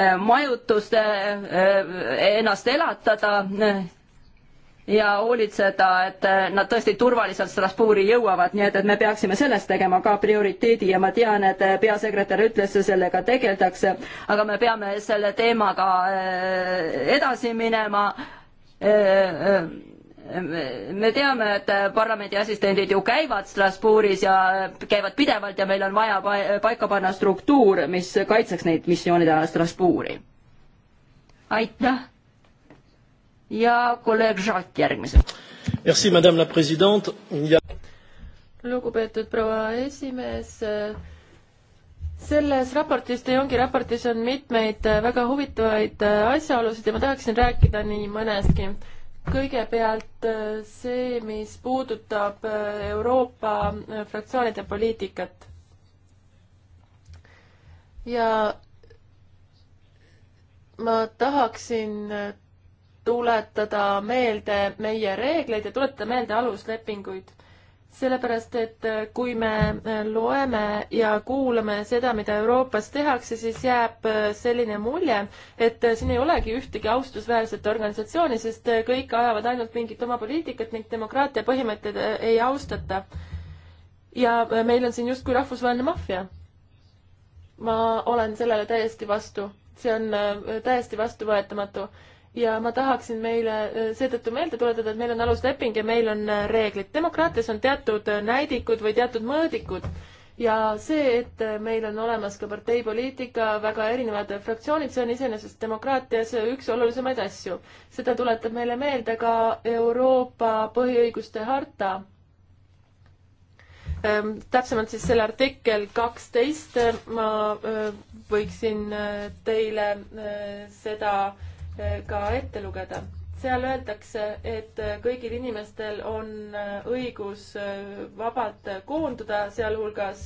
eh, majutust, eh, ennast elatada ja hoolitseda, et eh, nad tõesti turvaliselt Strasbourgi jõuavad, nii et, et me peaksime sellest tegema ka prioriteedi ja ma tean, et eh, peasekretär ütles, sellega tegeldakse, aga me peame selle teemaga eh, edasi minema me teame, et parlamendi assistendid ju käivad Strasbourgis ja käivad pidevalt ja meil on vaja paika panna struktuur, mis kaitseks neid missioonide ajal Strasbourgi. aitäh ja kolleeg Žat järgmisena. Merci, madame la president ja.... lugupeetud proua esimees selles raportis, Teie ongi raportis, on mitmeid väga huvitavaid asjaolusid ja ma tahaksin rääkida nii mõnestki. kõigepealt see, mis puudutab Euroopa fraktsioonide poliitikat. ja ma tahaksin tuletada meelde meie reegleid ja tuletada meelde aluslepinguid. sellepärast, et äh, kui me äh, loeme ja kuulame seda, mida Euroopas tehakse, siis jääb äh, selline mulje, et siin ei olegi ühtegi austusväärset organisatsiooni, sest kõik ajavad ainult mingit oma poliitikat ning demokraatia põhimõtteid ei austata. ja meil on siin justkui rahvusvaheline maffia. ma olen sellele täiesti vastu, see on täiesti vastuvõetamatu ja ma tahaksin meile äh, seetõttu meelde tuletada, et meil on alusleping ja meil on äh, reeglid. demokraatias on teatud äh, näidikud või teatud mõõdikud ja see, et meil on olemas ka parteipoliitika, väga erinevad fraktsioonid, see on iseenesest demokraatias üks olulisemaid asju. seda tuletab meile meelde ka Euroopa põhiõiguste harta. Ähm, täpsemalt siis selle artikkel kaksteist, ma võiksin teile seda ka ette lugeda. seal öeldakse, et kõigil inimestel on õigus vabalt koonduda, sealhulgas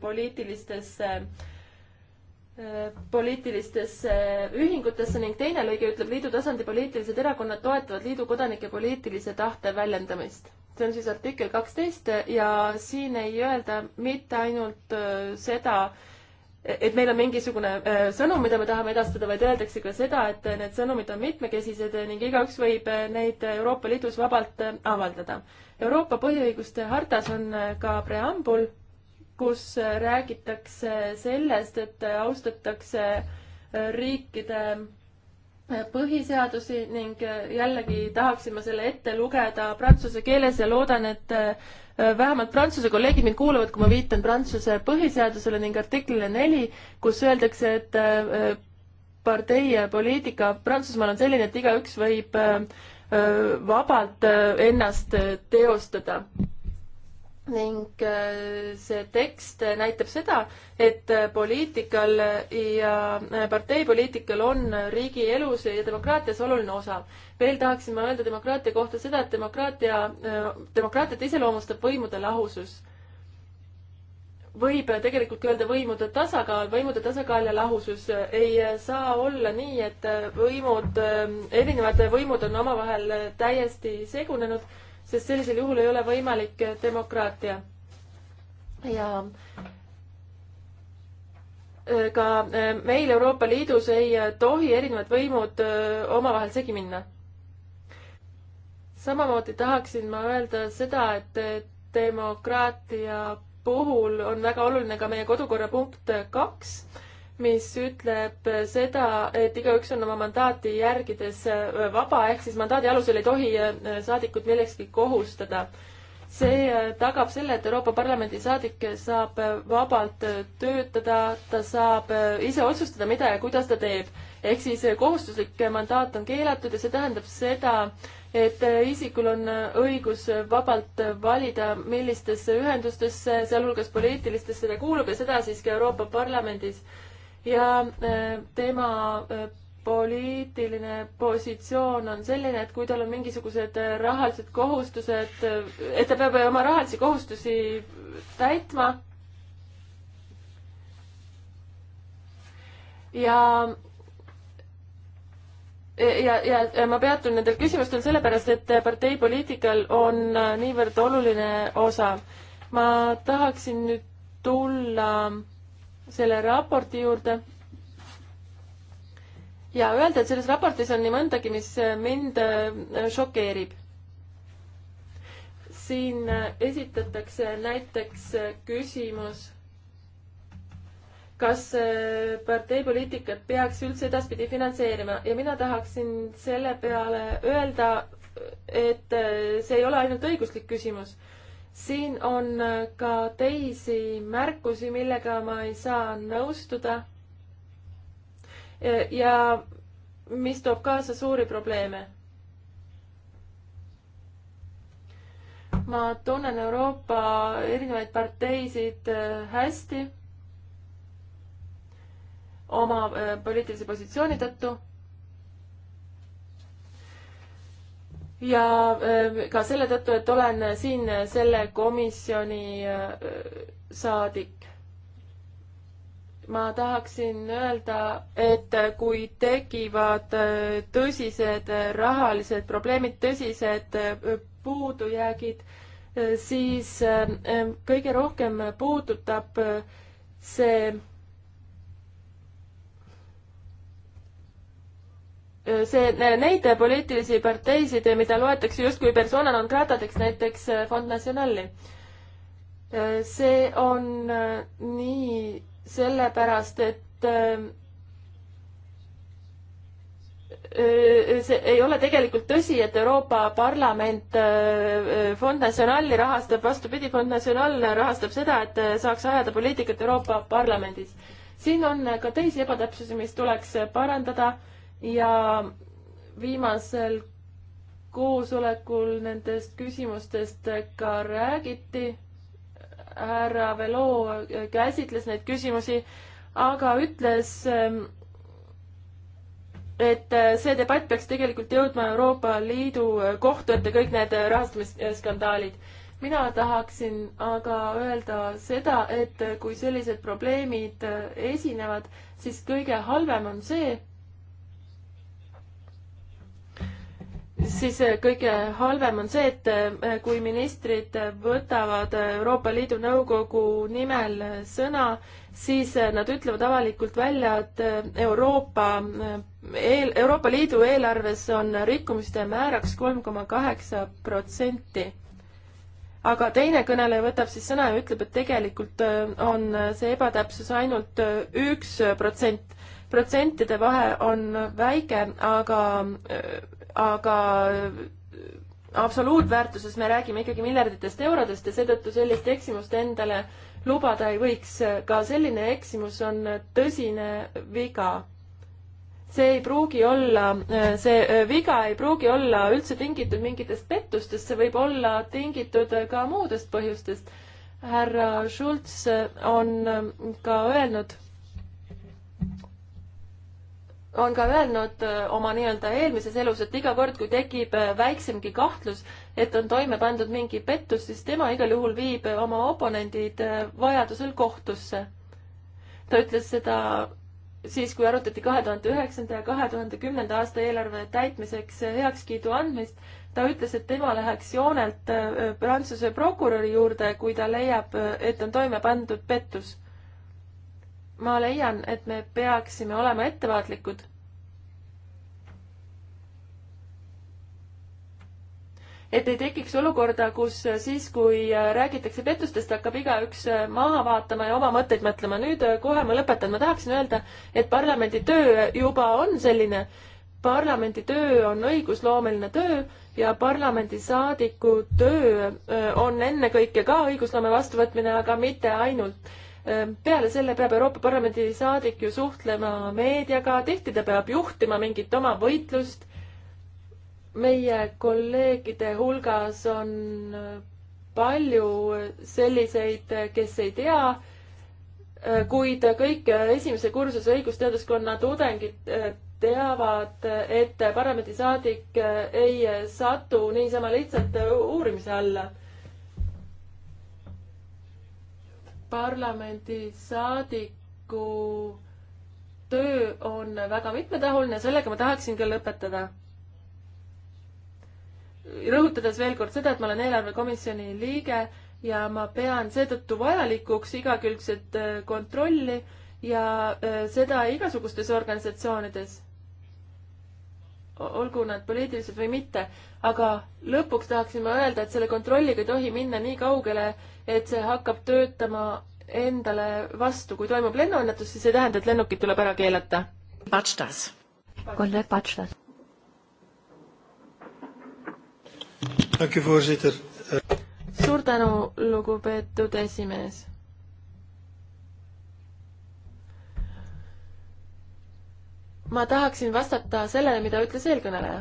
poliitilistesse poliitilistesse ühingutesse ning teine lõige ütleb, liidu tasandi poliitilised erakonnad toetavad liidu kodanike poliitilise tahte väljendamist. see on siis artikkel kaksteist ja siin ei öelda mitte ainult äh, seda, et meil on mingisugune äh, sõnum, mida me tahame edastada, vaid öeldakse ka seda, et need sõnumid on mitmekesised ning igaüks võib äh, neid Euroopa Liidus vabalt äh, avaldada. Euroopa põhiõiguste hartas on ka preambul, kus räägitakse sellest, et austatakse riikide põhiseadusi ning jällegi tahaksin ma selle ette lugeda prantsuse keeles ja loodan, et vähemalt Prantsuse kolleegid mind kuulavad, kui ma viitan Prantsuse põhiseadusele ning artiklile neli, kus öeldakse, et äh, partei ja poliitika Prantsusmaal on selline, et igaüks võib äh, äh, vabalt ennast teostada ning äh, see tekst näitab seda, et äh, poliitikal ja äh, parteipoliitikal on riigi elus ja demokraatias oluline osa. veel tahaksin ma öelda demokraatia kohta seda, et demokraatia, demokraatiat iseloomustab võimude lahusus. võib tegelikult öelda võimude tasakaal, võimude tasakaal ja lahusus. ei saa olla nii, et võimud, erinevad võimud on omavahel täiesti segunenud sest sellisel juhul ei ole võimalik äh, demokraatia. ja äh, ka äh, meil Euroopa Liidus ei tohi erinevad võimud omavahel segi minna. samamoodi tahaksin ma öelda seda, et demokraatia puhul on väga oluline ka meie kodukorra punkt kaks mis ütleb seda, et igaüks on oma mandaati järgides äh, vaba, ehk siis mandaadi alusel ei tohi äh, saadikut millekski kohustada. see äh, tagab selle, et Euroopa Parlamendi saadik saab vabalt töötada, ta saab ise otsustada, mida ja kuidas ta teeb. ehk siis kohustuslik mandaat on keelatud ja see tähendab seda, et isikul on õigus vabalt valida, millistesse ühendustesse, sealhulgas poliitilistesse ta kuulub ja seda siis ka Euroopa Parlamendis ja äh, tema äh, poliitiline positsioon on selline, et kui tal on mingisugused äh, rahalised kohustused, et ta peab oma rahalisi kohustusi täitma. ja ja, ja ma peatun nendel küsimustel sellepärast, et partei poliitikal on niivõrd oluline osa. ma tahaksin nüüd tulla selle raporti juurde ja öelda, et selles raportis on nii mõndagi, mis mind äh, šokeerib. siin äh, esitatakse näiteks äh, küsimus, kas parteipoliitikat peaks üldse edaspidi finantseerima ja mina tahaksin selle peale öelda, et see ei ole ainult õiguslik küsimus siin on äh, ka teisi märkusi, millega ma ei saa nõustuda. Äh, ja mis toob kaasa suuri probleeme. ma tunnen Euroopa erinevaid parteisid äh, hästi oma poliitilise positsiooni tõttu ja äh, ka selle tõttu, et olen siin selle komisjoni äh, saadik. ma tahaksin öelda, et kui tekivad äh, tõsised rahalised probleemid, tõsised puudujäägid, siis kõige rohkem puudutab see Äh, see neid poliitilisi parteisid, mida loetakse justkui persona non gratadeks, näiteks äh, Fond Nationali. Äh, see on nii sellepärast, et ähm, see ei ole tegelikult tõsi, et Euroopa Parlament Fond Nationali rahastab, vastupidi, Fond National rahastab seda, et saaks ajada poliitikat Euroopa Parlamendis. siin on ka teisi ebatäpsusi, mis tuleks parandada ja viimasel koosolekul nendest küsimustest ka räägiti. härra Velo käsitles neid küsimusi, aga ütles, ähm, et see debatt peaks tegelikult jõudma Euroopa Liidu kohtu ette, kõik need rahastamisskandaalid. mina tahaksin aga öelda seda, et kui sellised probleemid äh, esinevad, siis kõige halvem on see, siis eh, kõige halvem on see, et eh, kui ministrid võtavad eh, Euroopa Liidu Nõukogu nimel sõna, siis nad ütlevad avalikult välja, et Euroopa eel, Euroopa Liidu eelarves on rikkumiste määraks kolm koma kaheksa protsenti. aga teine kõneleja võtab siis sõna ja ütleb, et tegelikult on see ebatäpsus ainult üks protsent. protsentide vahe on väike, aga aga absoluutväärtuses me räägime ikkagi miljarditest eurodest ja seetõttu sellist eksimust endale lubada ei võiks. ka selline eksimus on tõsine viga. see ei pruugi olla, see viga ei pruugi olla üldse tingitud mingitest pettustest, see võib olla tingitud ka muudest põhjustest. härra Schulz on ka öelnud on ka öelnud äh, oma nii-öelda eelmises elus, et iga kord, kui tekib äh, väiksemgi kahtlus, et on toime pandud mingi pettus, siis tema igal juhul viib äh, oma oponendid vajadusel kohtusse. ta ütles seda siis, kui arutati kahe tuhande üheksanda ja kahe tuhande kümnenda aasta eelarve täitmiseks heakskiidu andmist. ta ütles, et tema läheks joonelt Prantsuse prokuröri juurde, kui ta leiab, et on toime pandud pettus ma leian, et me peaksime olema ettevaatlikud. et ei tekiks olukorda, kus siis, kui räägitakse pettustest, hakkab igaüks maha vaatama ja oma mõtteid mõtlema. nüüd äh, kohe ma lõpetan, ma tahaksin öelda, et parlamendi töö juba on selline. parlamendi töö on õigusloomeline töö ja parlamendisaadiku töö äh, on ennekõike ka õigusloome vastuvõtmine, aga mitte ainult Ehm, peale selle peab Euroopa Parlamendi saadik ju suhtlema meediaga, tihti ta peab juhtima mingit oma võitlust. meie kolleegide hulgas on äh, palju selliseid, äh, kes ei tea, äh, kuid kõik esimese kursuse õigusteaduskonna tudengid teavad, et parlamendisaadik ei satu niisama lihtsalt uurimise alla parlamendisaadiku töö on väga mitmetahuline, sellega ma tahaksin küll lõpetada. rõhutades veel kord seda, et ma olen eelarvekomisjoni liige ja ma pean seetõttu vajalikuks igakülgset äh, kontrolli ja äh, seda igasugustes organisatsioonides, olgu nad poliitilised või mitte, aga lõpuks tahaksin ma öelda, et selle kontrolliga ei tohi minna nii kaugele, et see hakkab töötama endale vastu, kui toimub lennuõnnetus, siis ei tähenda, et lennukid tuleb ära keelata. Patstas. kolleeg Patstas. suur tänu, lugupeetud esimees ma tahaksin vastata sellele, mida ütles eelkõneleja.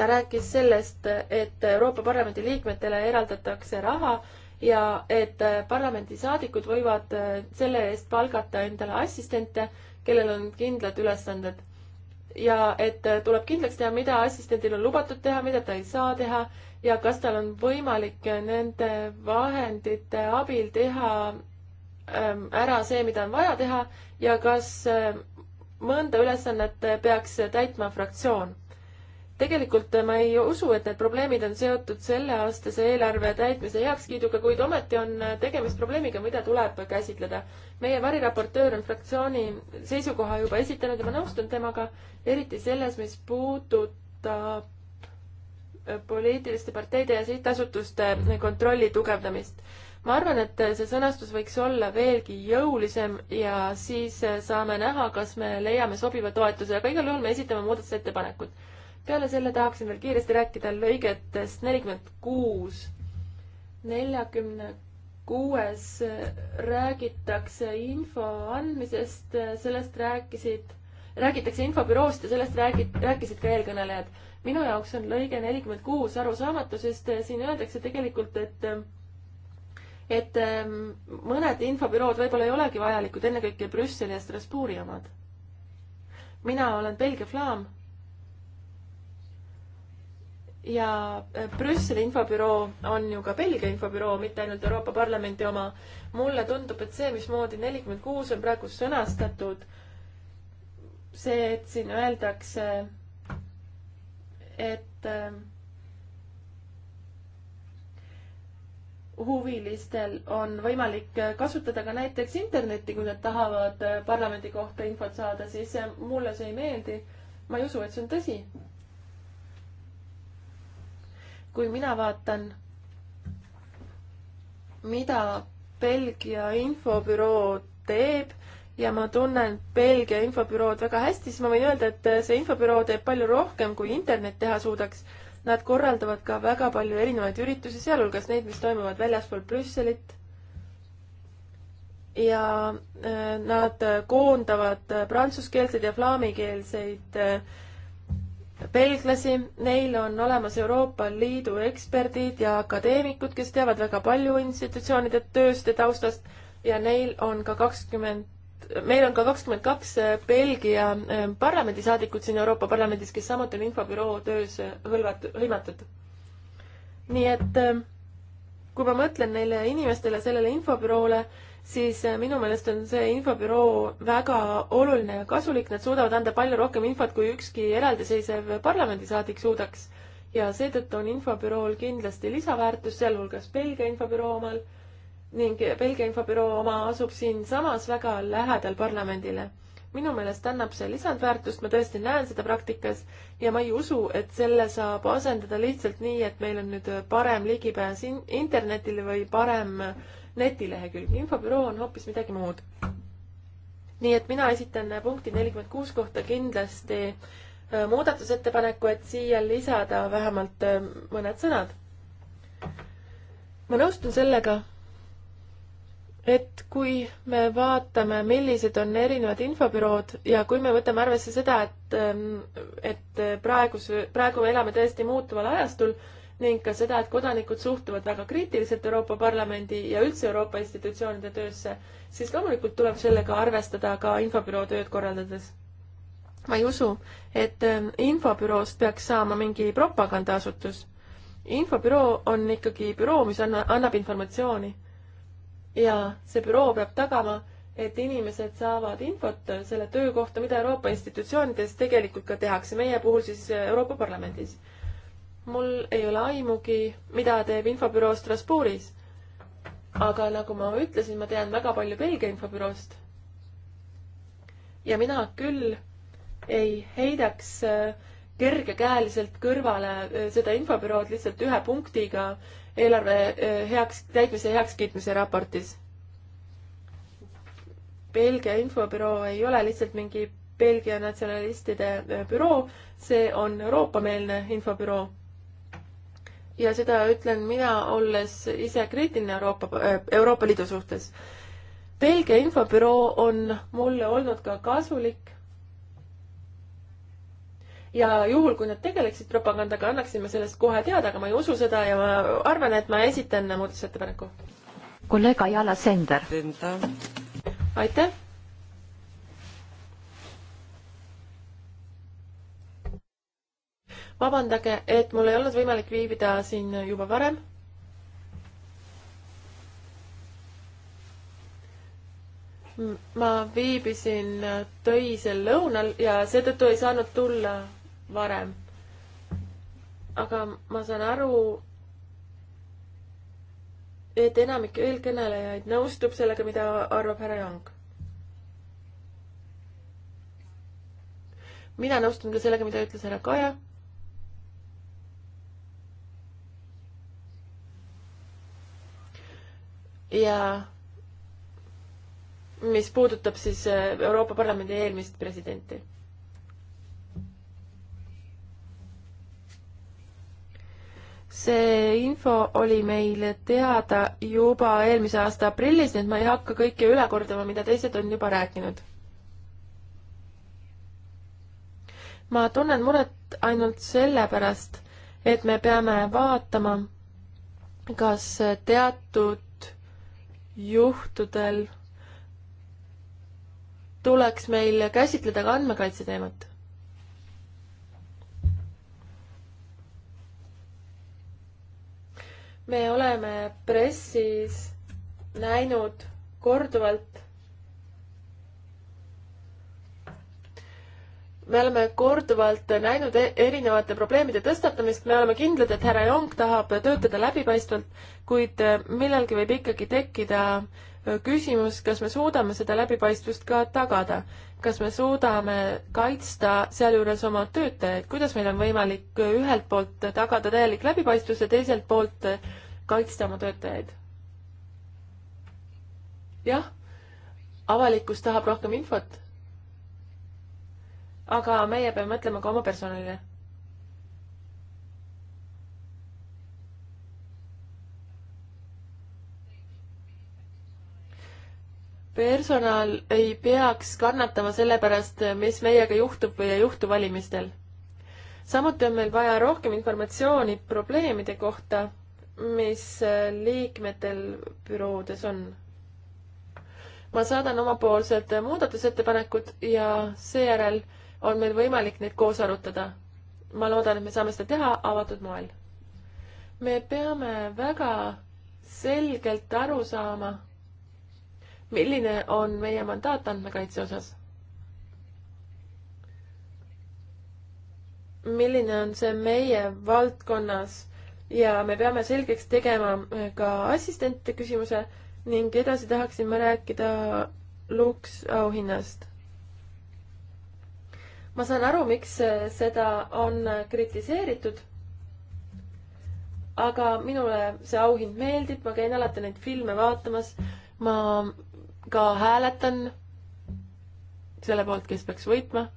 ta rääkis sellest, et Euroopa Parlamendi liikmetele eraldatakse raha ja et parlamendisaadikud võivad äh, selle eest palgata endale assistente, kellel on kindlad ülesanded. ja et äh, tuleb kindlaks teha, mida assistendil on lubatud teha, mida ta ei saa teha ja kas tal on võimalik äh, nende vahendite abil teha ähm, ära see, mida on vaja teha ja kas mõnda ülesannet peaks täitma fraktsioon tegelikult ma ei usu, et need probleemid on seotud selleaastase eelarve täitmise heakskiiduga, kuid ometi on tegemist probleemiga, mida tuleb käsitleda. meie variraportöör on fraktsiooni seisukoha juba esitanud ja ma nõustun temaga, eriti selles, mis puudutab poliitiliste parteide ja sihtasutuste kontrolli tugevdamist. ma arvan, et see sõnastus võiks olla veelgi jõulisem ja siis saame näha, kas me leiame sobiva toetuse, aga igal juhul me esitame muudatusettepanekud peale selle tahaksin veel kiiresti rääkida lõigetest nelikümmend kuus. neljakümne kuues räägitakse info andmisest, sellest rääkisid, räägitakse infobüroost ja sellest räägid, rääkisid ka eelkõnelejad. minu jaoks on lõige nelikümmend kuus arusaamatu, sest siin öeldakse tegelikult, et et ähm, mõned infobürood võib-olla ei olegi vajalikud, ennekõike Brüsseli ja Strasbourgi omad. mina olen Belgia flaam ja äh, Brüsseli infobüroo on ju ka Belgia infobüroo, mitte ainult Euroopa Parlamendi oma. mulle tundub, et see, mismoodi nelikümmend kuus on praegu sõnastatud, see, et siin öeldakse, et äh, huvilistel on võimalik äh, kasutada ka näiteks internetti, kui nad tahavad parlamendi kohta infot saada, siis mulle see ei meeldi. ma ei usu, et see on tõsi kui mina vaatan, mida Belgia infobüroo teeb ja ma tunnen Belgia infobürood väga hästi, siis ma võin öelda, et see infobüroo teeb palju rohkem, kui internet teha suudaks. Nad korraldavad ka väga palju erinevaid üritusi, sealhulgas neid, mis toimuvad väljaspool Brüsselit. ja äh, nad koondavad prantsuskeelseid ja flaamikeelseid äh, belglasi, neil on olemas Euroopa Liidu eksperdid ja akadeemikud, kes teavad väga palju institutsioonide tööst ja taustast ja neil on ka kakskümmend, meil on ka kakskümmend kaks äh, Belgia äh, parlamendisaadikut siin Euroopa Parlamendis, kes samuti on infobüroo töös äh, hõlvat-, hõimatud. nii et kui ma mõtlen neile inimestele, sellele infobüroole, siis äh, minu meelest on see infobüroo väga oluline ja kasulik, nad suudavad anda palju rohkem infot, kui ükski eraldiseisev parlamendisaadik suudaks. ja seetõttu on infobürool kindlasti lisaväärtus, sealhulgas Belgia infobüroo omal ning Belgia infobüroo oma asub siinsamas väga lähedal parlamendile. minu meelest annab see lisandväärtust, ma tõesti näen seda praktikas ja ma ei usu, et selle saab asendada lihtsalt nii, et meil on nüüd parem ligipääs in internetile või parem äh, netilehekülg. infobüroo on hoopis midagi muud. nii et mina esitan punkti nelikümmend kuus kohta kindlasti äh, muudatusettepaneku, et siia lisada vähemalt äh, mõned sõnad. ma nõustun sellega, et kui me vaatame, millised on erinevad infobürood ja kui me võtame arvesse seda, et, ähm, et praeguse, praegu me elame täiesti muutuval ajastul ning ka seda, et kodanikud suhtuvad väga kriitiliselt Euroopa Parlamendi ja üldse Euroopa institutsioonide töösse, siis loomulikult tuleb sellega arvestada ka infobüroo tööd korraldades. ma ei usu, et ähm, infobüroost peaks saama mingi propagandaasutus. infobüroo on ikkagi büroo, mis anna, annab informatsiooni. ja see büroo peab tagama, et inimesed saavad infot selle töö kohta, mida Euroopa institutsioonides tegelikult ka tehakse, meie puhul siis äh, Euroopa Parlamendis mul ei ole aimugi, mida teeb infobüroo Strasbourgis. aga nagu ma ütlesin, ma tean väga palju Belgia infobüroost. ja mina küll ei heidaks äh, kergekäeliselt kõrvale äh, seda infobürood lihtsalt ühe punktiga eelarve äh, heaks, täitmise heakskiitmise raportis. Belgia infobüroo ei ole lihtsalt mingi Belgia natsionalistide büroo, see on Euroopa-meelne infobüroo ja seda ütlen mina, olles ise kriitiline Euroopa, äh, Euroopa Liidu suhtes. Belgia infobüroo on mulle olnud ka kasulik. ja juhul, kui nad tegeleksid propagandaga, annaksime sellest kohe teada, aga ma ei usu seda ja ma arvan, et ma esitan muudatusettepaneku. kolleeg Ajala Sender. aitäh vabandage, et mul ei olnud võimalik viibida siin juba varem. ma viibisin töisel lõunal ja seetõttu ei saanud tulla varem. aga ma saan aru, et enamik eelkõnelejaid nõustub sellega, mida arvab härra Young. mina nõustun ka sellega, mida ütles härra Kaja ja mis puudutab siis äh, Euroopa Parlamendi eelmist presidenti. see info oli meile teada juba eelmise aasta aprillis, nii et ma ei hakka kõike üle kordama, mida teised on juba rääkinud. ma tunnen muret ainult sellepärast, et me peame vaatama, kas teatud juhtudel tuleks meil käsitleda ka andmekaitse teemat. me oleme pressis näinud korduvalt me oleme korduvalt näinud e-, erinevate probleemide tõstatamist, me oleme kindlad, et härra Jong tahab töötada läbipaistvalt, kuid äh, millalgi võib ikkagi tekkida äh, küsimus, kas me suudame seda läbipaistvust ka tagada. kas me suudame kaitsta sealjuures oma töötajaid, kuidas meil on võimalik äh, ühelt poolt tagada täielik läbipaistvus ja teiselt poolt kaitsta oma töötajaid? jah, avalikkus tahab rohkem infot aga meie peame mõtlema ka oma personalile. personal ei peaks kannatama selle pärast, mis meiega juhtub või ei juhtu valimistel. samuti on meil vaja rohkem informatsiooni probleemide kohta, mis liikmetel büroodes on ma saadan omapoolsed muudatusettepanekud ja seejärel äh, on meil võimalik neid koos arutada. ma loodan, et me saame seda teha avatud moel. me peame väga selgelt aru saama, milline on meie mandaat andmekaitse osas. milline on see meie valdkonnas ja me peame selgeks tegema ka assistentide küsimuse ning edasi tahaksin ma rääkida Lux auhinnast ma saan aru, miks äh, seda on äh, kritiseeritud. aga minule see auhind meeldib, ma käin alati neid filme vaatamas. ma ka hääletan selle poolt, kes peaks võitma.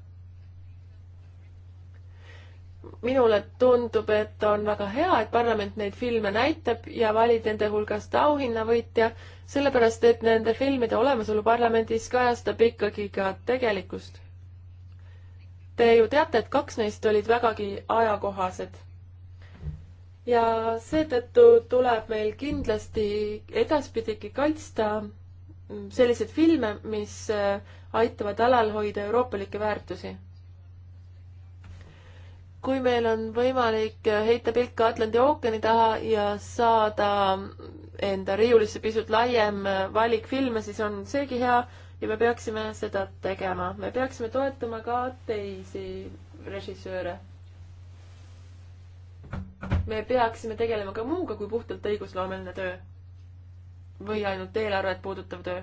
minule tundub, et on väga hea, et parlament neid filme näitab ja valib nende hulgast auhinnavõitja, sellepärast et nende filmide olemasolu parlamendis kajastab ikkagi ka tegelikkust Te ju teate, et kaks neist olid vägagi ajakohased. ja seetõttu tuleb meil kindlasti edaspidigi kaitsta selliseid filme, mis äh, aitavad alal hoida euroopalikke väärtusi. kui meil on võimalik äh, heita pilk ka Atlandi ookeani taha ja saada enda riiulisse pisut laiem äh, valik filme, siis on seegi hea ja me peaksime seda tegema, me peaksime toetama ka teisi režissööre. me peaksime tegelema ka muuga kui puhtalt õigusloomeline töö või ainult eelarvet puudutav töö.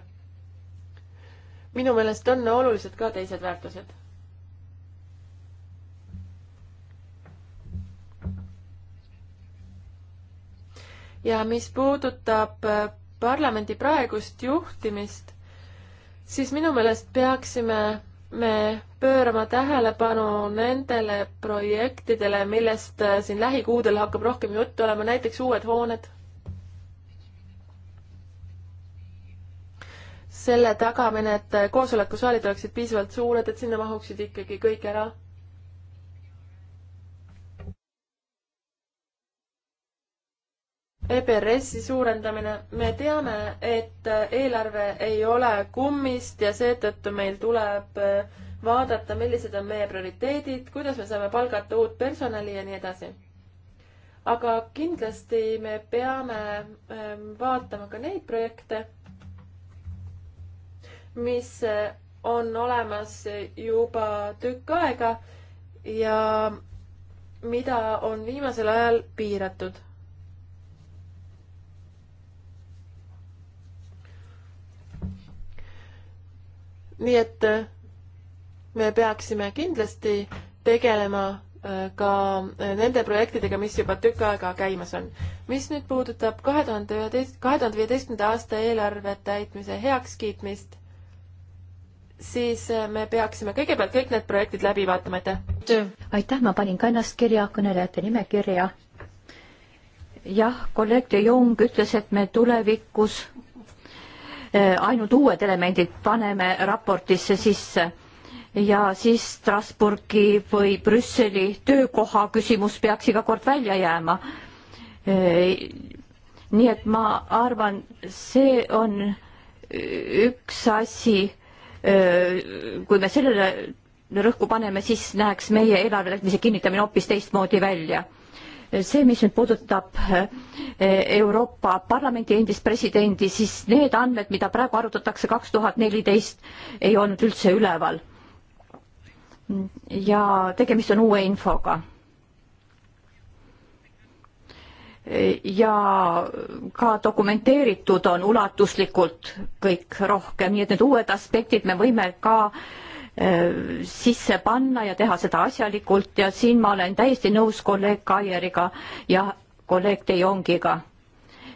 minu meelest on olulised ka teised väärtused. ja mis puudutab äh, parlamendi praegust juhtimist siis minu meelest peaksime me pöörama tähelepanu nendele projektidele, millest äh, siin lähikuudel hakkab rohkem juttu olema, näiteks uued hooned. selle tagamine, et koosolekusaalid oleksid piisavalt suured, et sinna mahuksid ikkagi kõik ära EBRS-i suurendamine, me teame, et eelarve ei ole kummist ja seetõttu meil tuleb äh, vaadata, millised on meie prioriteedid, kuidas me saame palgata uut personali ja nii edasi. aga kindlasti me peame ähm, vaatama ka neid projekte, mis äh, on olemas juba tükk aega ja mida on viimasel ajal piiratud nii et äh, me peaksime kindlasti tegelema äh, ka äh, nende projektidega, mis juba tükk aega käimas on. mis nüüd puudutab kahe tuhande üheteist, kahe tuhande viieteistkümnenda aasta eelarve täitmise heakskiitmist, siis me peaksime kõigepealt kõik need projektid läbi vaatama, aitäh! aitäh, ma panin ka ennast kirja, kõnelejate nimekirja. jah, kolleeg De Jong ütles, et me tulevikus Äh, ainult uued elemendid paneme raportisse sisse ja siis Strasburgi või Brüsseli töökoha küsimus peaks iga kord välja jääma. Äh, nii et ma arvan, see on üks asi, äh, kui me sellele rõhku paneme, siis näeks meie eelarve täitmise kinnitamine hoopis teistmoodi välja see, mis nüüd puudutab eh, Euroopa Parlamendi endist presidendi, siis need andmed, mida praegu arutatakse kaks tuhat neliteist, ei olnud üldse üleval. ja tegemist on uue infoga. ja ka dokumenteeritud on ulatuslikult kõik rohkem, nii et need uued aspektid me võime ka äh, Äh, sisse panna ja teha seda asjalikult ja siin ma olen täiesti nõus kolleeg Kaieriga ja kolleeg Dejongiga.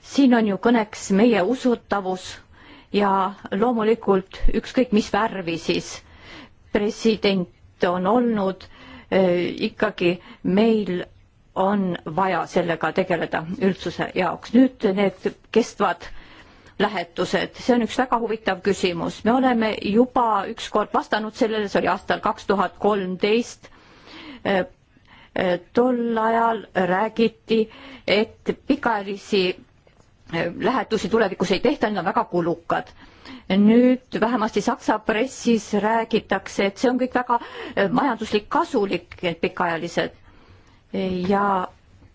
siin on ju kõneks meie usutavus ja loomulikult ükskõik mis värvi siis president on olnud, äh, ikkagi meil on vaja sellega tegeleda üldsuse jaoks. nüüd need kestvad äh, lähetused, see on üks väga huvitav küsimus, me oleme juba ükskord vastanud sellele, see oli aastal kaks tuhat kolmteist. Äh, äh, tol ajal räägiti, et pikaajalisi äh, lähetusi tulevikus ei tehta, need on väga kulukad. nüüd vähemasti Saksa pressis räägitakse, et see on kõik väga majanduslik kasulik, need pikaajalised. ja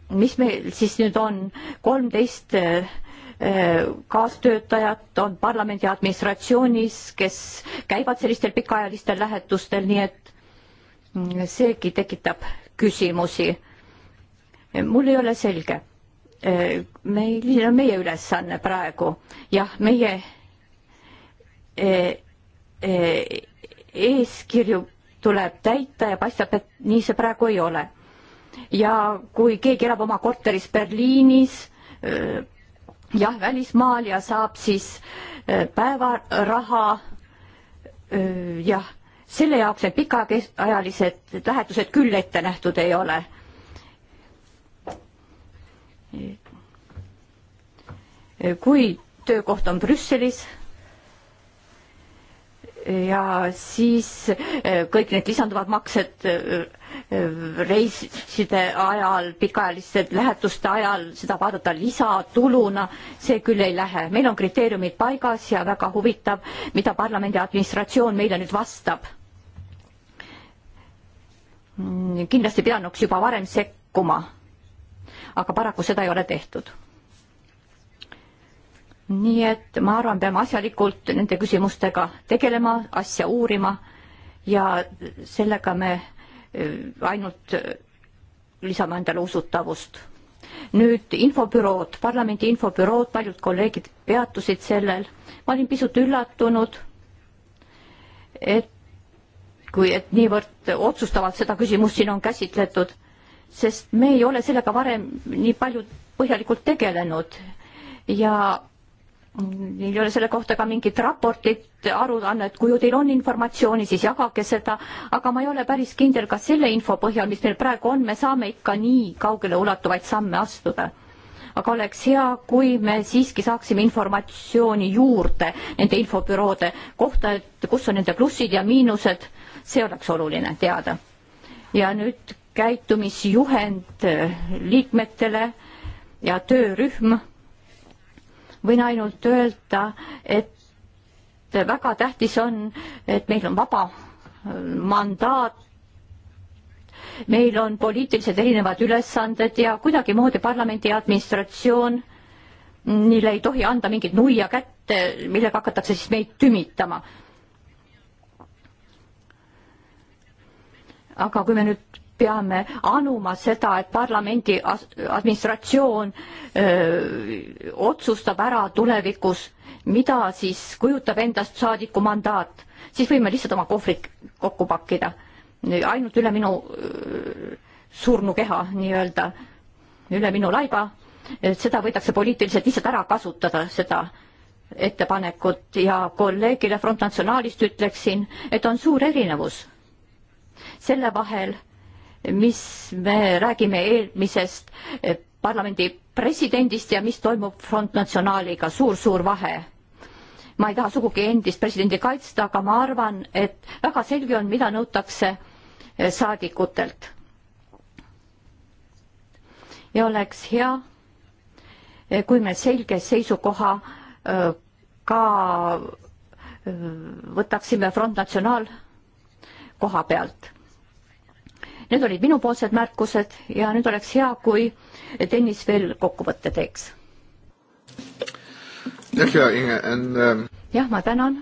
mis meil siis nüüd on, kolmteist 13 kaastöötajat on parlamendi administratsioonis, kes käivad sellistel pikaajalistel lähetustel, nii et seegi tekitab küsimusi. mul ei ole selge. milline on meie ülesanne praegu? jah, meie e, e, eeskirju tuleb täita ja paistab, et nii see praegu ei ole. ja kui keegi elab oma korteris Berliinis, jah, välismaal ja saab siis äh, päevaraha. Äh, jah, selle jaoks need pikaajalised lähetused küll ette nähtud ei ole. Äh, kui töökoht on Brüsselis ja siis kõik need lisanduvad maksed reiside ajal, pikaajaliste lähetuste ajal seda vaadata lisatuluna, see küll ei lähe. meil on kriteeriumid paigas ja väga huvitav, mida parlamendi administratsioon meile nüüd vastab. kindlasti pidanuks juba varem sekkuma, aga paraku seda ei ole tehtud nii et ma arvan, peame asjalikult nende küsimustega tegelema, asja uurima ja sellega me ainult lisame endale usutavust. nüüd infobürood, parlamendi infobürood, paljud kolleegid peatusid sellel. ma olin pisut üllatunud, et kui, et niivõrd otsustavalt seda küsimust siin on käsitletud, sest me ei ole sellega varem nii palju põhjalikult tegelenud ja ei ole selle kohta ka mingit raportit, aruannet, kui teil on informatsiooni, siis jagage seda, aga ma ei ole päris kindel, kas selle info põhjal, mis meil praegu on, me saame ikka nii kaugele ulatuvaid samme astuda. aga oleks hea, kui me siiski saaksime informatsiooni juurde nende infobüroode kohta, et kus on nende plussid ja miinused, see oleks oluline teada. ja nüüd käitumisjuhend liikmetele ja töörühm võin ainult öelda, et väga tähtis on, et meil on vaba mandaat, meil on poliitiliselt erinevad ülesanded ja kuidagimoodi parlamendi administratsioon, neile ei tohi anda mingit nuia kätte, millega hakatakse siis meid tümitama. aga kui me nüüd peame anuma seda, et parlamendi administratsioon öö, otsustab ära tulevikus, mida siis kujutab endast saadiku mandaat, siis võime lihtsalt oma kohvrid kokku pakkida. ainult üle minu öö, surnukeha nii-öelda, üle minu laiba, et seda võidakse poliitiliselt lihtsalt ära kasutada, seda ettepanekut ja kolleegile Front Nationalist ütleksin, et on suur erinevus selle vahel mis me räägime eelmisest eh, parlamendi presidendist ja mis toimub Front Nationaliga suur,, suur-suur vahe. ma ei taha sugugi endist presidendi kaitsta, aga ma arvan, et väga selge on, mida nõutakse eh, saadikutelt. ja oleks hea, eh, kui me selge seisukoha ka võtaksime Front National koha pealt Need olid minupoolsed märkused ja nüüd oleks hea, kui Tõnis veel kokkuvõtte teeks. Um, jah, ma tänan.